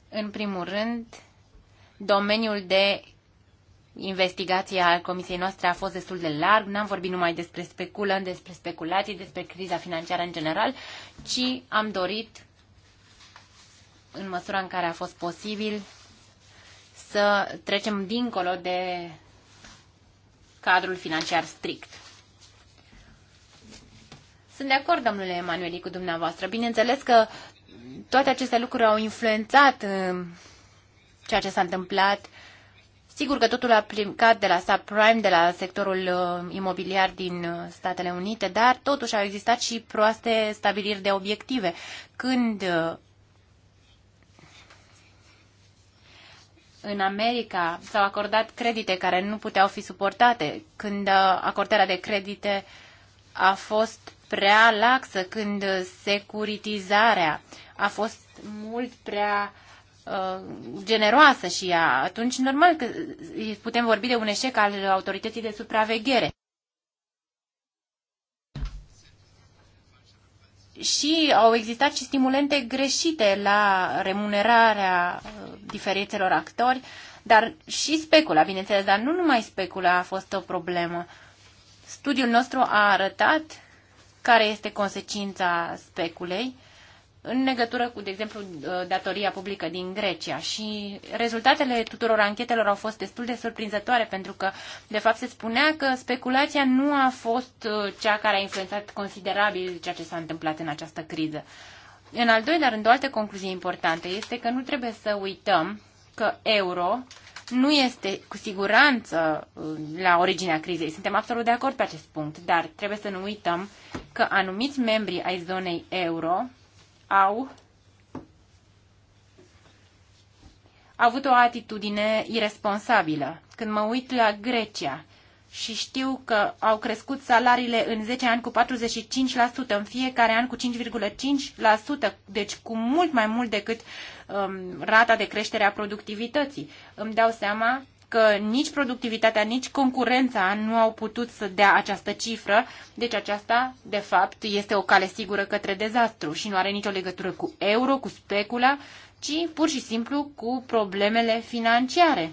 În primul rând, Domeniul de investigație al comisiei noastre a fost destul de larg, n-am vorbit numai despre speculă, despre speculații, despre criza financiară în general, ci am dorit, în măsura în care a fost posibil, să trecem dincolo de cadrul financiar strict. Sunt de acord, domnule Emanueli, cu dumneavoastră. Bineînțeles că toate aceste lucruri au influențat uh, ceea ce s-a întâmplat. Sigur că totul a plecat de la subprime, de la sectorul uh, imobiliar din uh, Statele Unite, dar totuși au existat și proaste stabiliri de obiective. Când uh, în America s-au acordat credite care nu puteau fi suportate, când acordarea de credite a fost prea laxă, când securitizarea a fost mult prea uh, Uh, generoasă și ea, atunci normal că putem vorbi de un eșec al autorității de supraveghere. Și au existat și stimulente greșite la remunerarea uh, diferitelor actori, dar și specula, bineînțeles, dar nu numai specula a fost o problemă. Studiul nostru a arătat care este consecința speculei în legătură cu, de exemplu, uh, datoria publică din Grecia și rezultatele tuturor anchetelor au fost destul de surprinzătoare pentru că, de fapt, se spunea că speculația nu a fost uh, cea care a influențat considerabil ceea ce s-a întâmplat în această criză. În al doilea rând, o altă concluzie importantă este că nu trebuie să uităm că euro nu este cu siguranță uh, la originea crizei. Suntem absolut de acord pe acest punct, dar trebuie să nu uităm că anumiți membri ai zonei euro au avut o atitudine irresponsabilă. Când mă uit la Grecia și știu că au crescut salariile în 10 ani cu 45%, în fiecare an cu 5,5%, deci cu mult mai mult decât um, rata de creștere a productivității, îmi dau seama că nici productivitatea, nici concurența nu au putut să dea această cifră, deci aceasta, de fapt, este o cale sigură către dezastru și nu are nicio legătură cu euro, cu specula, ci pur și simplu cu problemele financiare.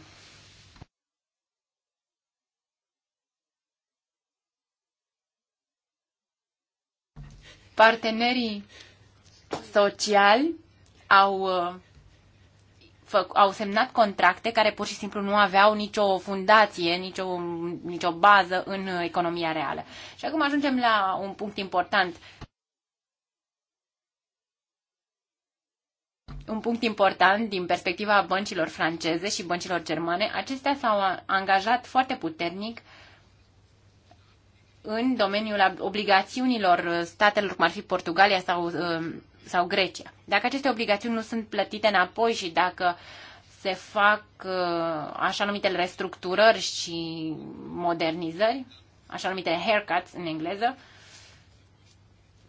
Partenerii sociali au uh, au semnat contracte care pur și simplu nu aveau nicio fundație, nicio, nicio bază în economia reală. Și acum ajungem la un punct important. Un punct important din perspectiva băncilor franceze și băncilor germane, acestea s-au angajat foarte puternic în domeniul obligațiunilor statelor cum ar fi Portugalia sau um, sau Grecia. Dacă aceste obligațiuni nu sunt plătite înapoi și dacă se fac uh, așa numitele restructurări și modernizări, așa numitele haircuts în engleză,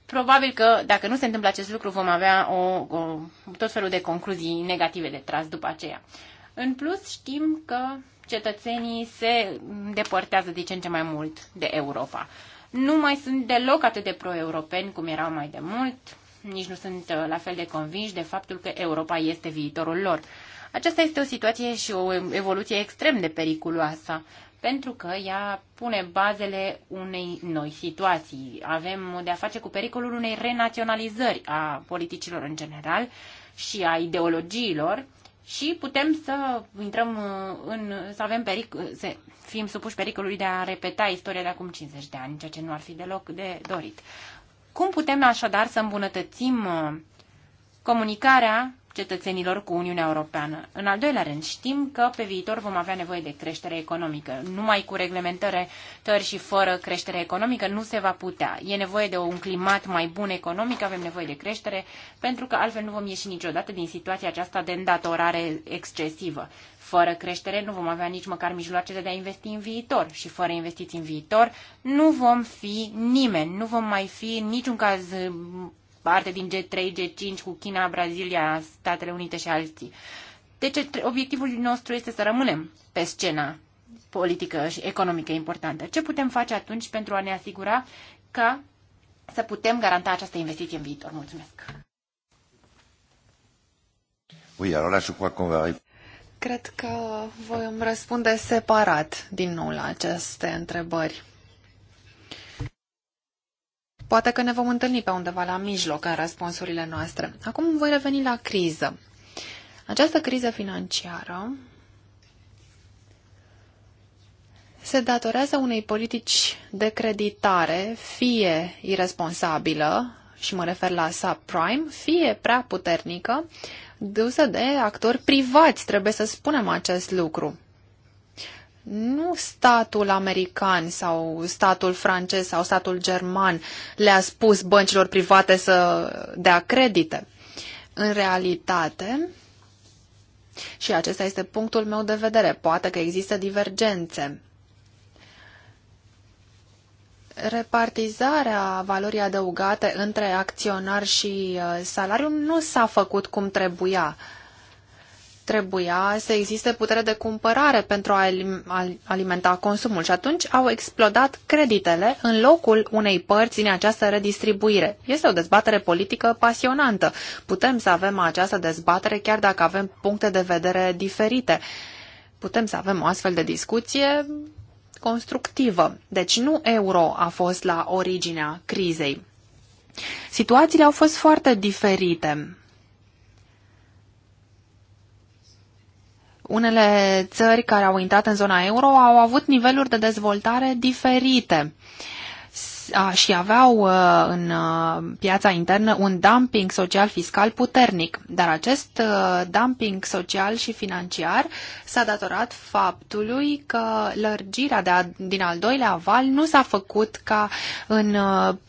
probabil că dacă nu se întâmplă acest lucru vom avea o, o, tot felul de concluzii negative de tras după aceea. În plus știm că cetățenii se depărtează de ce în ce mai mult de Europa. Nu mai sunt deloc atât de pro-europeni cum erau mai de mult nici nu sunt uh, la fel de convinși de faptul că Europa este viitorul lor. Aceasta este o situație și o evoluție extrem de periculoasă, pentru că ea pune bazele unei noi situații. Avem de-a face cu pericolul unei renaționalizări a politicilor în general și a ideologiilor și putem să intrăm uh, în, să avem peric- să fim supuși pericolului de a repeta istoria de acum 50 de ani, ceea ce nu ar fi deloc de dorit. Cum putem așadar să îmbunătățim uh, comunicarea cetățenilor cu Uniunea Europeană. În al doilea rând, știm că pe viitor vom avea nevoie de creștere economică. Numai cu reglementări și fără creștere economică nu se va putea. E nevoie de un climat mai bun economic, avem nevoie de creștere, pentru că altfel nu vom ieși niciodată din situația aceasta de îndatorare excesivă. Fără creștere nu vom avea nici măcar mijloacele de a investi în viitor și fără investiții în viitor nu vom fi nimeni, nu vom mai fi în niciun caz parte din G3, G5 cu China, Brazilia, Statele Unite și alții. Deci obiectivul nostru este să rămânem pe scena politică și economică importantă. Ce putem face atunci pentru a ne asigura ca să putem garanta această investiție în viitor? Mulțumesc! Oui, alors là, je crois qu'on va Cred că voi îmi răspunde separat din nou la aceste întrebări. Poate că ne vom întâlni pe undeva la mijloc în răspunsurile noastre. Acum voi reveni la criză. Această criză financiară se datorează unei politici de creditare, fie irresponsabilă, și mă refer la subprime, fie prea puternică, dusă de actori privați, trebuie să spunem acest lucru nu statul american sau statul francez sau statul german le-a spus băncilor private să dea credite. În realitate, și acesta este punctul meu de vedere, poate că există divergențe. Repartizarea valorii adăugate între acționar și uh, salariu nu s-a făcut cum trebuia trebuia să existe putere de cumpărare pentru a alimenta consumul și atunci au explodat creditele în locul unei părți din această redistribuire. Este o dezbatere politică pasionantă. Putem să avem această dezbatere chiar dacă avem puncte de vedere diferite. Putem să avem o astfel de discuție constructivă. Deci nu euro a fost la originea crizei. Situațiile au fost foarte diferite Unele țări care au intrat în zona euro au avut niveluri de dezvoltare diferite și aveau uh, în uh, piața internă un dumping social-fiscal puternic, dar acest uh, dumping social și financiar s-a datorat faptului că lărgirea de a, din al doilea val nu s-a făcut ca în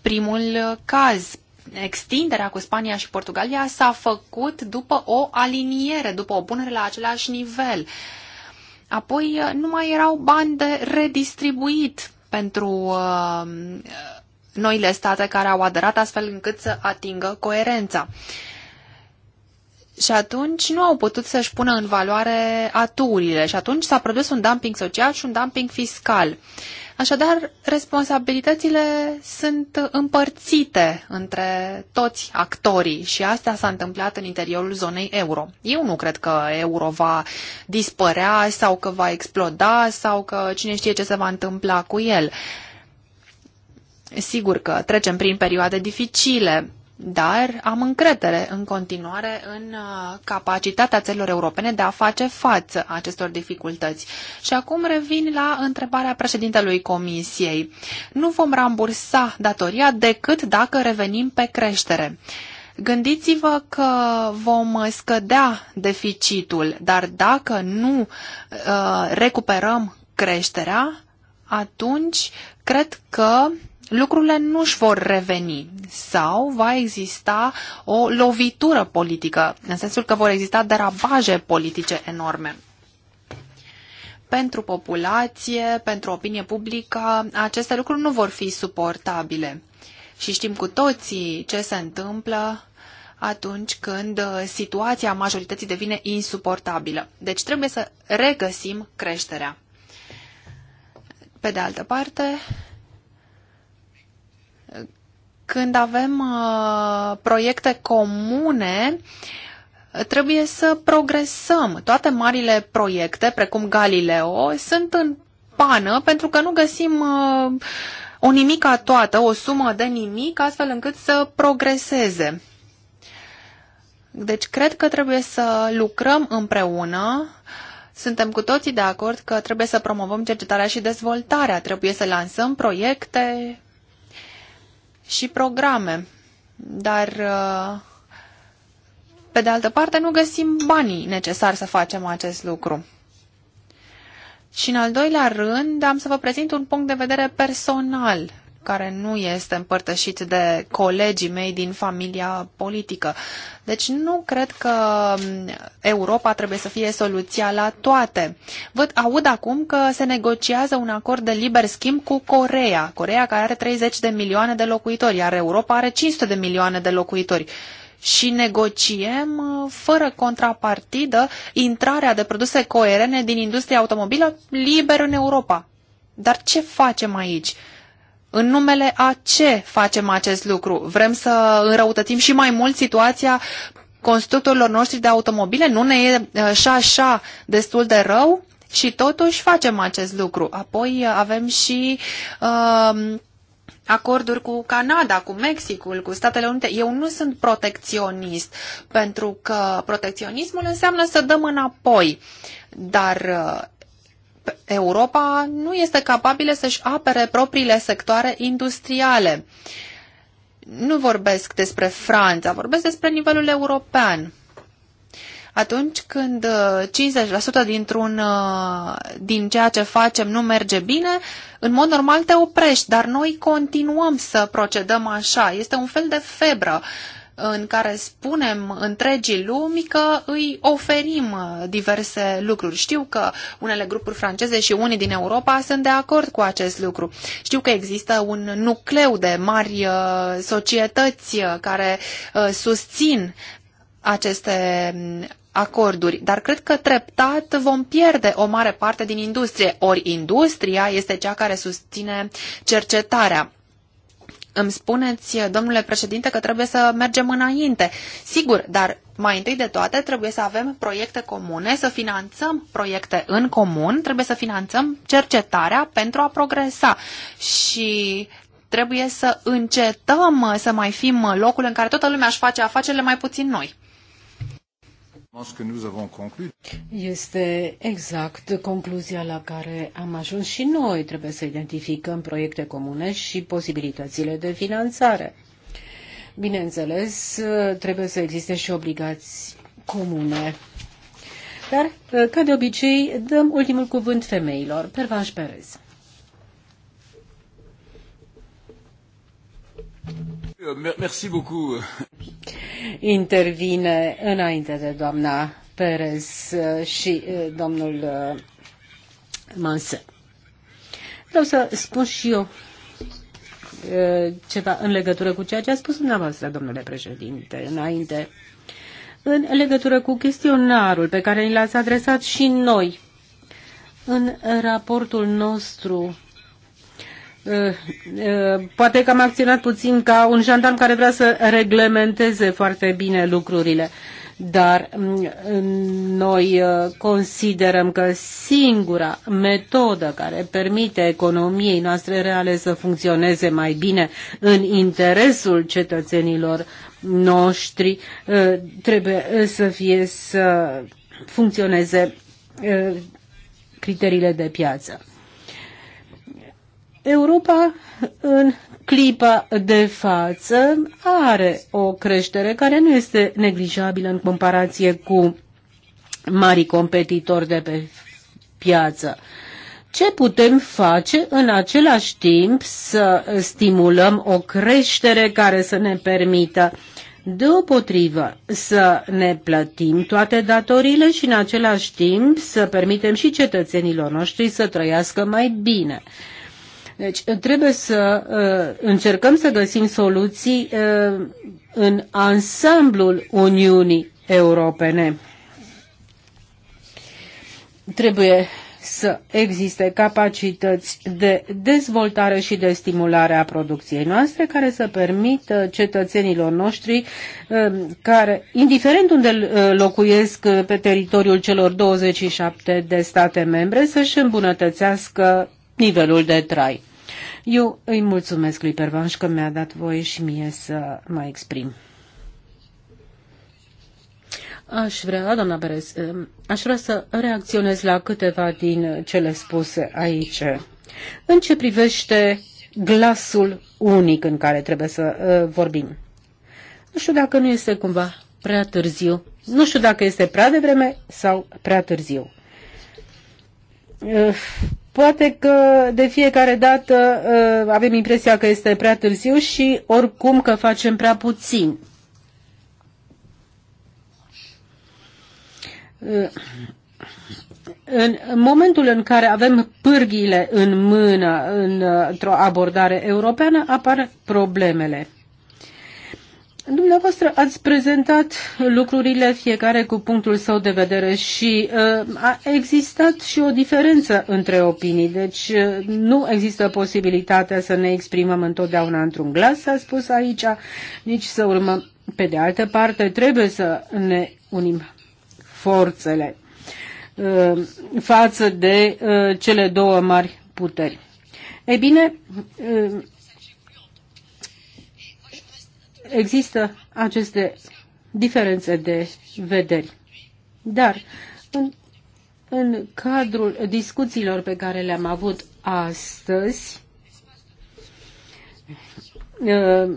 primul caz extinderea cu Spania și Portugalia s-a făcut după o aliniere, după o punere la același nivel. Apoi uh, nu mai erau bani de redistribuit pentru uh, noile state care au aderat astfel încât să atingă coerența. Și atunci nu au putut să-și pună în valoare aturile și atunci s-a produs un dumping social și un dumping fiscal. Uh, Așadar, responsabilitățile sunt împărțite între toți actorii și asta s-a întâmplat în interiorul zonei euro. Eu nu cred că euro va dispărea sau că va exploda sau că cine știe ce se va întâmpla cu el. Sigur că trecem prin perioade dificile, dar am încredere în continuare în uh, capacitatea țărilor europene de a face față acestor dificultăți. Și acum revin la întrebarea președintelui Comisiei. Nu vom rambursa datoria decât dacă revenim pe creștere. Gândiți-vă că vom scădea deficitul, dar dacă nu uh, recuperăm creșterea, atunci cred că lucrurile nu își vor reveni sau va exista o lovitură politică, în sensul că vor exista derabaje politice enorme. Pentru populație, pentru opinie publică, aceste lucruri nu vor fi suportabile. Și știm cu toții ce se întâmplă atunci când uh, situația majorității devine insuportabilă. Deci trebuie să regăsim creșterea. Pe de altă parte, când avem uh, proiecte comune, trebuie să progresăm. Toate marile proiecte, precum Galileo, sunt în pană pentru că nu găsim uh, o nimica toată, o sumă de nimic, astfel încât să progreseze. Deci cred că trebuie să lucrăm împreună. Suntem cu toții de acord că trebuie să promovăm cercetarea și dezvoltarea, trebuie să lansăm proiecte și programe, dar uh, pe de altă parte nu găsim banii necesari să facem acest lucru. Și în al doilea rând am să vă prezint un punct de vedere personal care nu este împărtășit de colegii mei din familia politică. Deci nu cred că mm, Europa trebuie să fie soluția la toate. Văd, aud acum că se negociază un acord de liber schimb cu Corea. Corea care are 30 de milioane de locuitori, iar Europa are 500 de milioane de locuitori și negociem mm, fără contrapartidă intrarea de produse coerene din industria automobilă liber în Europa. Dar ce facem aici? În numele a ce facem acest lucru? Vrem să înrăutățim și mai mult situația constructorilor noștri de automobile? Nu ne e și așa destul de rău? Și totuși facem acest lucru. Apoi avem și uh, acorduri cu Canada, cu Mexicul, cu Statele Unite. Eu nu sunt protecționist, pentru că protecționismul înseamnă să dăm înapoi. Dar uh, Europa nu este capabilă să-și apere propriile sectoare industriale. Nu vorbesc despre Franța, vorbesc despre nivelul european. Atunci când uh, 50% dintr-un, uh, din ceea ce facem nu merge bine, în mod normal te oprești, dar noi continuăm să procedăm așa. Este un fel de febră. Uh, în care spunem întregii lumi că îi oferim uh, diverse lucruri. Știu că unele grupuri franceze și unii din Europa sunt de acord cu acest lucru. Știu că există un nucleu de mari uh, societăți uh, care susțin aceste mm, acorduri, dar cred că treptat vom pierde o mare parte din industrie, ori industria este cea care susține cercetarea. Îmi spuneți, domnule președinte, că trebuie să mergem înainte. Sigur, dar mai întâi de toate trebuie să avem proiecte comune, să finanțăm proiecte în comun, trebuie să finanțăm cercetarea pentru a progresa. Și trebuie să încetăm să mai fim locul în care toată lumea își face afacerile mai puțin noi. Este exact concluzia la care am ajuns și noi. Trebuie să identificăm proiecte comune și posibilitățile de finanțare. Bineînțeles, trebuie să existe și obligații comune. Dar, ca de obicei, dăm ultimul cuvânt femeilor. Pervanș Perez. Intervine înainte de doamna Perez și domnul Manse. Vreau să spun și eu ceva în legătură cu ceea ce a spus dumneavoastră, domnule președinte, înainte, în legătură cu chestionarul pe care ni l-ați adresat și noi. În raportul nostru Eh, eh, poate că am acționat puțin ca un jandarm care vrea să reglementeze foarte bine lucrurile, dar mm, noi eh, considerăm că singura metodă care permite economiei noastre reale să funcționeze mai bine în interesul cetățenilor noștri trebuie să fie să funcționeze criteriile de piață. Europa în clipa de față are o creștere care nu este neglijabilă în comparație cu mari competitori de pe piață. Ce putem face în același timp să stimulăm o creștere care să ne permită deopotrivă să ne plătim toate datoriile și în același timp să permitem și cetățenilor noștri să trăiască mai bine? Deci trebuie să uh, încercăm să găsim soluții uh, în ansamblul Uniunii Europene. Trebuie să existe capacități de dezvoltare și de stimulare a producției noastre care să permită cetățenilor noștri uh, care, indiferent unde locuiesc pe teritoriul celor 27 de state membre, să-și îmbunătățească nivelul de trai. Eu îi mulțumesc lui Pervanș că mi-a dat voie și mie să mă exprim. Aș vrea, doamna um, aș vrea să reacționez la câteva din cele spuse aici. În ce privește glasul unic în care trebuie să uh, vorbim. Nu știu dacă nu este cumva prea târziu. Nu știu dacă este prea devreme sau prea târziu. Uh, Poate că de fiecare dată uh, avem impresia că este prea târziu și oricum că facem prea puțin. Uh, în momentul în care avem pârghiile în mână uh, într-o abordare europeană, apar problemele. Dumneavoastră ați prezentat lucrurile fiecare cu punctul său de vedere și uh, a existat și o diferență între opinii, deci uh, nu există posibilitatea să ne exprimăm întotdeauna într-un glas, a spus aici, nici să urmăm. Pe de altă parte, trebuie să ne unim forțele uh, față de uh, cele două mari puteri. Ei bine, uh, există aceste diferențe de vederi. Dar în, în cadrul discuțiilor pe care le-am avut astăzi, uh,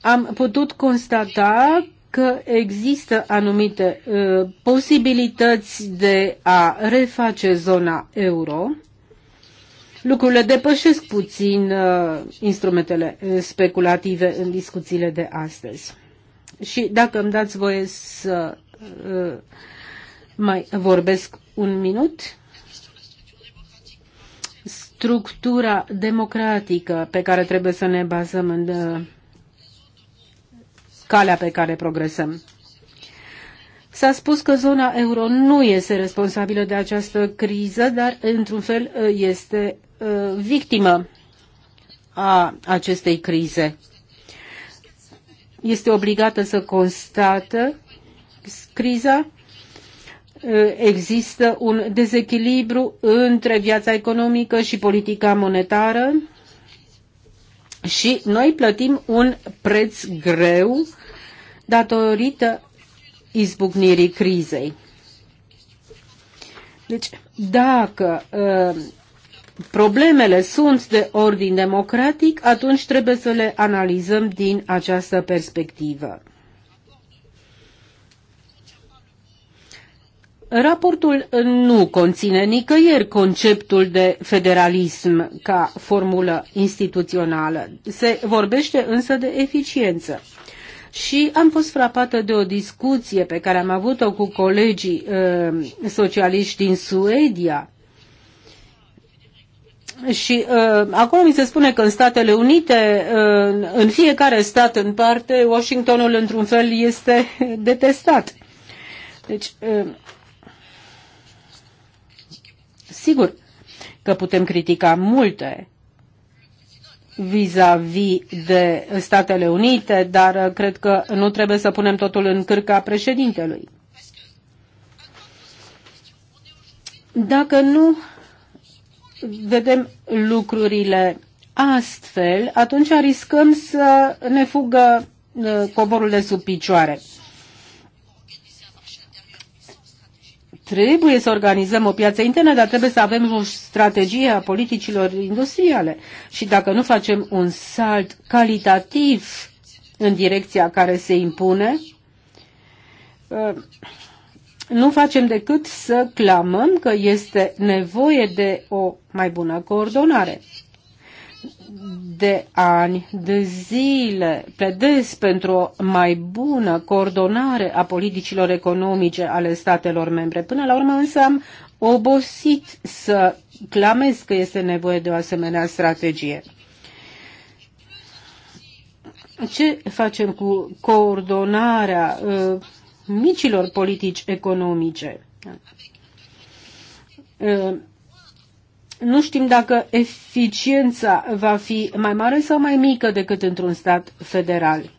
am putut constata că există anumite uh, posibilități de a reface zona euro lucrurile depășesc puțin uh, instrumentele uh, speculative în discuțiile de astăzi. Și dacă îmi dați voie să uh, mai vorbesc un minut, structura democratică pe care trebuie să ne bazăm în uh, calea pe care progresăm. S-a spus că zona euro nu este responsabilă de această criză, dar într-un fel uh, este Uh, victimă a acestei crize. Este obligată să constată criza. Uh, există un dezechilibru între viața economică și politica monetară și noi plătim un preț greu datorită izbucnirii crizei. Deci, dacă uh, problemele sunt de ordin democratic, atunci trebuie să le analizăm din această perspectivă. Raportul nu conține nicăieri conceptul de federalism ca formulă instituțională. Se vorbește însă de eficiență. Și am fost frapată de o discuție pe care am avut-o cu colegii uh, socialiști din Suedia, și uh, acolo mi se spune că în Statele Unite, uh, în fiecare stat în parte, Washingtonul într-un fel este detestat. Deci, uh, sigur că putem critica multe vis-a-vis -vis de Statele Unite, dar uh, cred că nu trebuie să punem totul în cârca președintelui. Dacă nu vedem lucrurile astfel, atunci riscăm să ne fugă uh, coborul de sub picioare. Trebuie să organizăm o piață internă, dar trebuie să avem o strategie a politicilor industriale. Și dacă nu facem un salt calitativ în direcția care se impune, uh, nu facem decât să clamăm că este nevoie de o mai bună coordonare. De ani, de zile, pledez pentru o mai bună coordonare a politicilor economice ale statelor membre. Până la urmă însă am obosit să clamez că este nevoie de o asemenea strategie. Ce facem cu coordonarea uh, micilor politici economice. Nu știm dacă eficiența va fi mai mare sau mai mică decât într-un stat federal.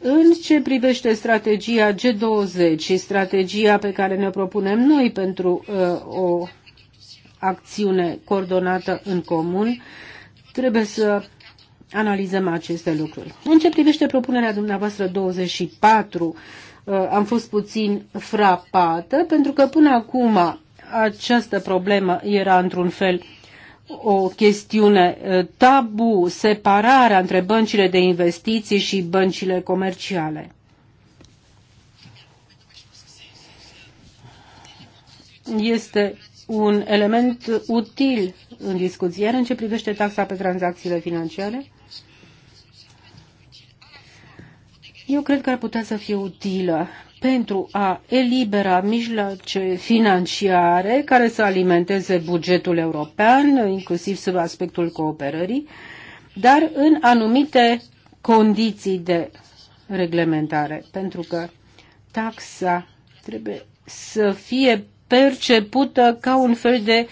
În ce privește strategia G20 și strategia pe care ne propunem noi pentru uh, o acțiune coordonată în comun, trebuie să analizăm aceste lucruri. În ce privește propunerea dumneavoastră 24, uh, am fost puțin frapată pentru că până acum această problemă era într-un fel o chestiune uh, tabu, separarea între băncile de investiții și băncile comerciale. Este un element util în discuție, iar în ce privește taxa pe tranzacțiile financiare, Eu cred că ar putea să fie utilă pentru a elibera mijloace financiare care să alimenteze bugetul european, inclusiv sub aspectul cooperării, dar în anumite condiții de reglementare, pentru că taxa trebuie să fie percepută ca un fel de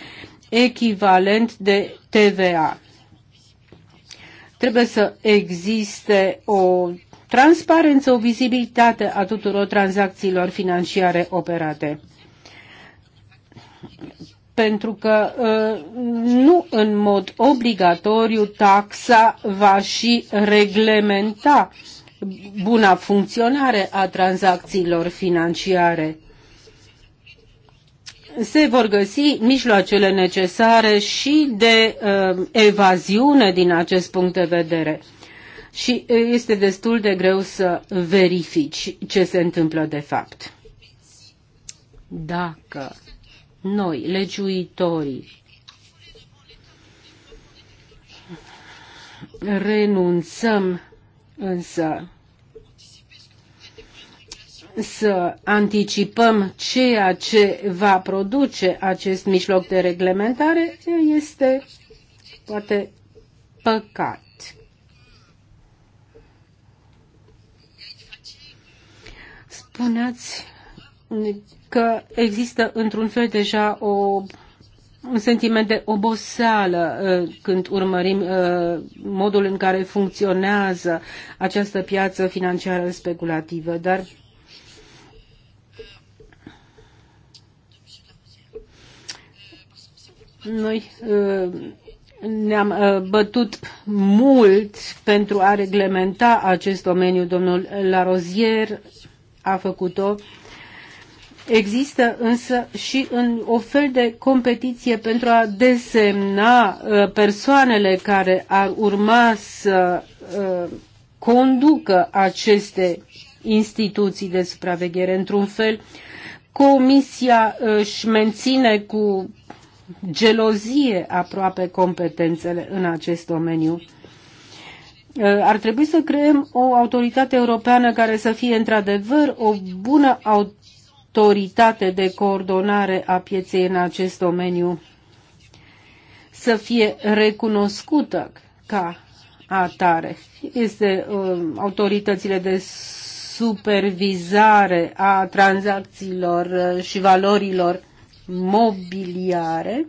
echivalent de TVA. Trebuie să existe o transparență, o vizibilitate a tuturor tranzacțiilor financiare operate pentru că uh, nu în mod obligatoriu taxa va și reglementa buna funcționare a tranzacțiilor financiare. Se vor găsi mijloacele necesare și de uh, evaziune din acest punct de vedere și este destul de greu să verifici ce se întâmplă de fapt. Dacă noi, legiuitorii, renunțăm însă să anticipăm ceea ce va produce acest mijloc de reglementare este poate păcat. spuneați că există într-un fel deja o, un sentiment de oboseală uh, când urmărim uh, modul în care funcționează această piață financiară speculativă, dar noi uh, ne-am bătut mult pentru a reglementa acest domeniu. Domnul Larozier a făcut-o. Există însă și în o fel de competiție pentru a desemna uh, persoanele care ar urma să uh, conducă aceste instituții de supraveghere. Într-un fel, Comisia uh, își menține cu gelozie aproape competențele în acest domeniu. Uh, ar trebui să creăm o autoritate europeană care să fie într-adevăr o bună autoritate de coordonare a pieței în acest domeniu, să fie recunoscută ca atare. Este uh, autoritățile de supervizare a tranzacțiilor uh, și valorilor mobiliare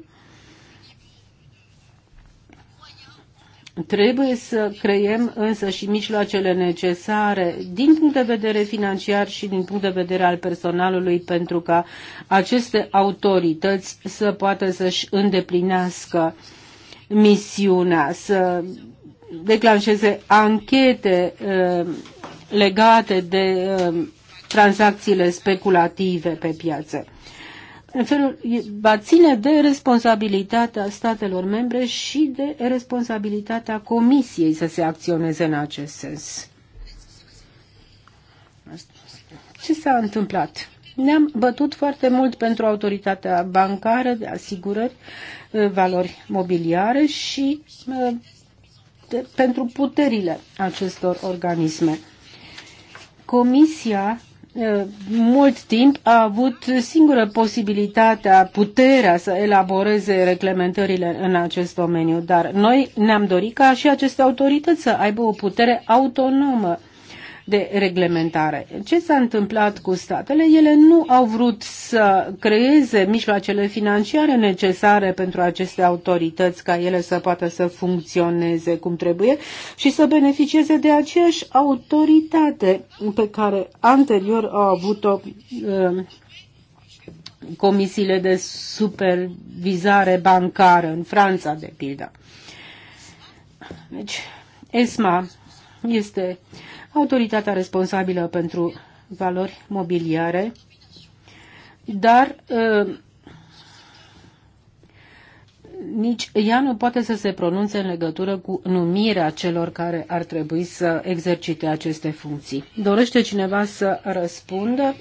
Trebuie să creiem însă și mijloacele necesare din punct de vedere financiar și din punct de vedere al personalului pentru ca aceste autorități să poată să-și îndeplinească misiunea, să declanșeze anchete uh, legate de uh, tranzacțiile speculative pe piață în felul, va ține de responsabilitatea statelor membre și de responsabilitatea Comisiei să se acționeze în acest sens. Ce s-a întâmplat? Ne-am bătut foarte mult pentru autoritatea bancară de asigurări, valori mobiliare și de, pentru puterile acestor organisme. Comisia mult timp a avut singură posibilitatea, puterea să elaboreze reglementările în acest domeniu, dar noi ne-am dorit ca și aceste autorități să aibă o putere autonomă de reglementare. Ce s-a întâmplat cu statele? Ele nu au vrut să creeze mijloacele financiare necesare pentru aceste autorități ca ele să poată să funcționeze cum trebuie și să beneficieze de aceeași autoritate pe care anterior au avut-o uh, comisiile de supervizare bancară în Franța, de pildă. Deci, ESMA este autoritatea responsabilă pentru valori mobiliare, dar uh, nici ea nu poate să se pronunțe în legătură cu numirea celor care ar trebui să exercite aceste funcții. Dorește cineva să răspundă?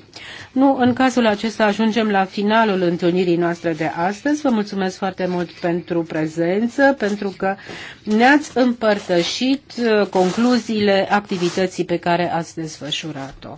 Nu, în cazul acesta ajungem la finalul întâlnirii noastre de astăzi. Vă mulțumesc foarte mult pentru prezență, pentru că ne-ați împărtășit uh, concluziile activității pe care ați desfășurat-o.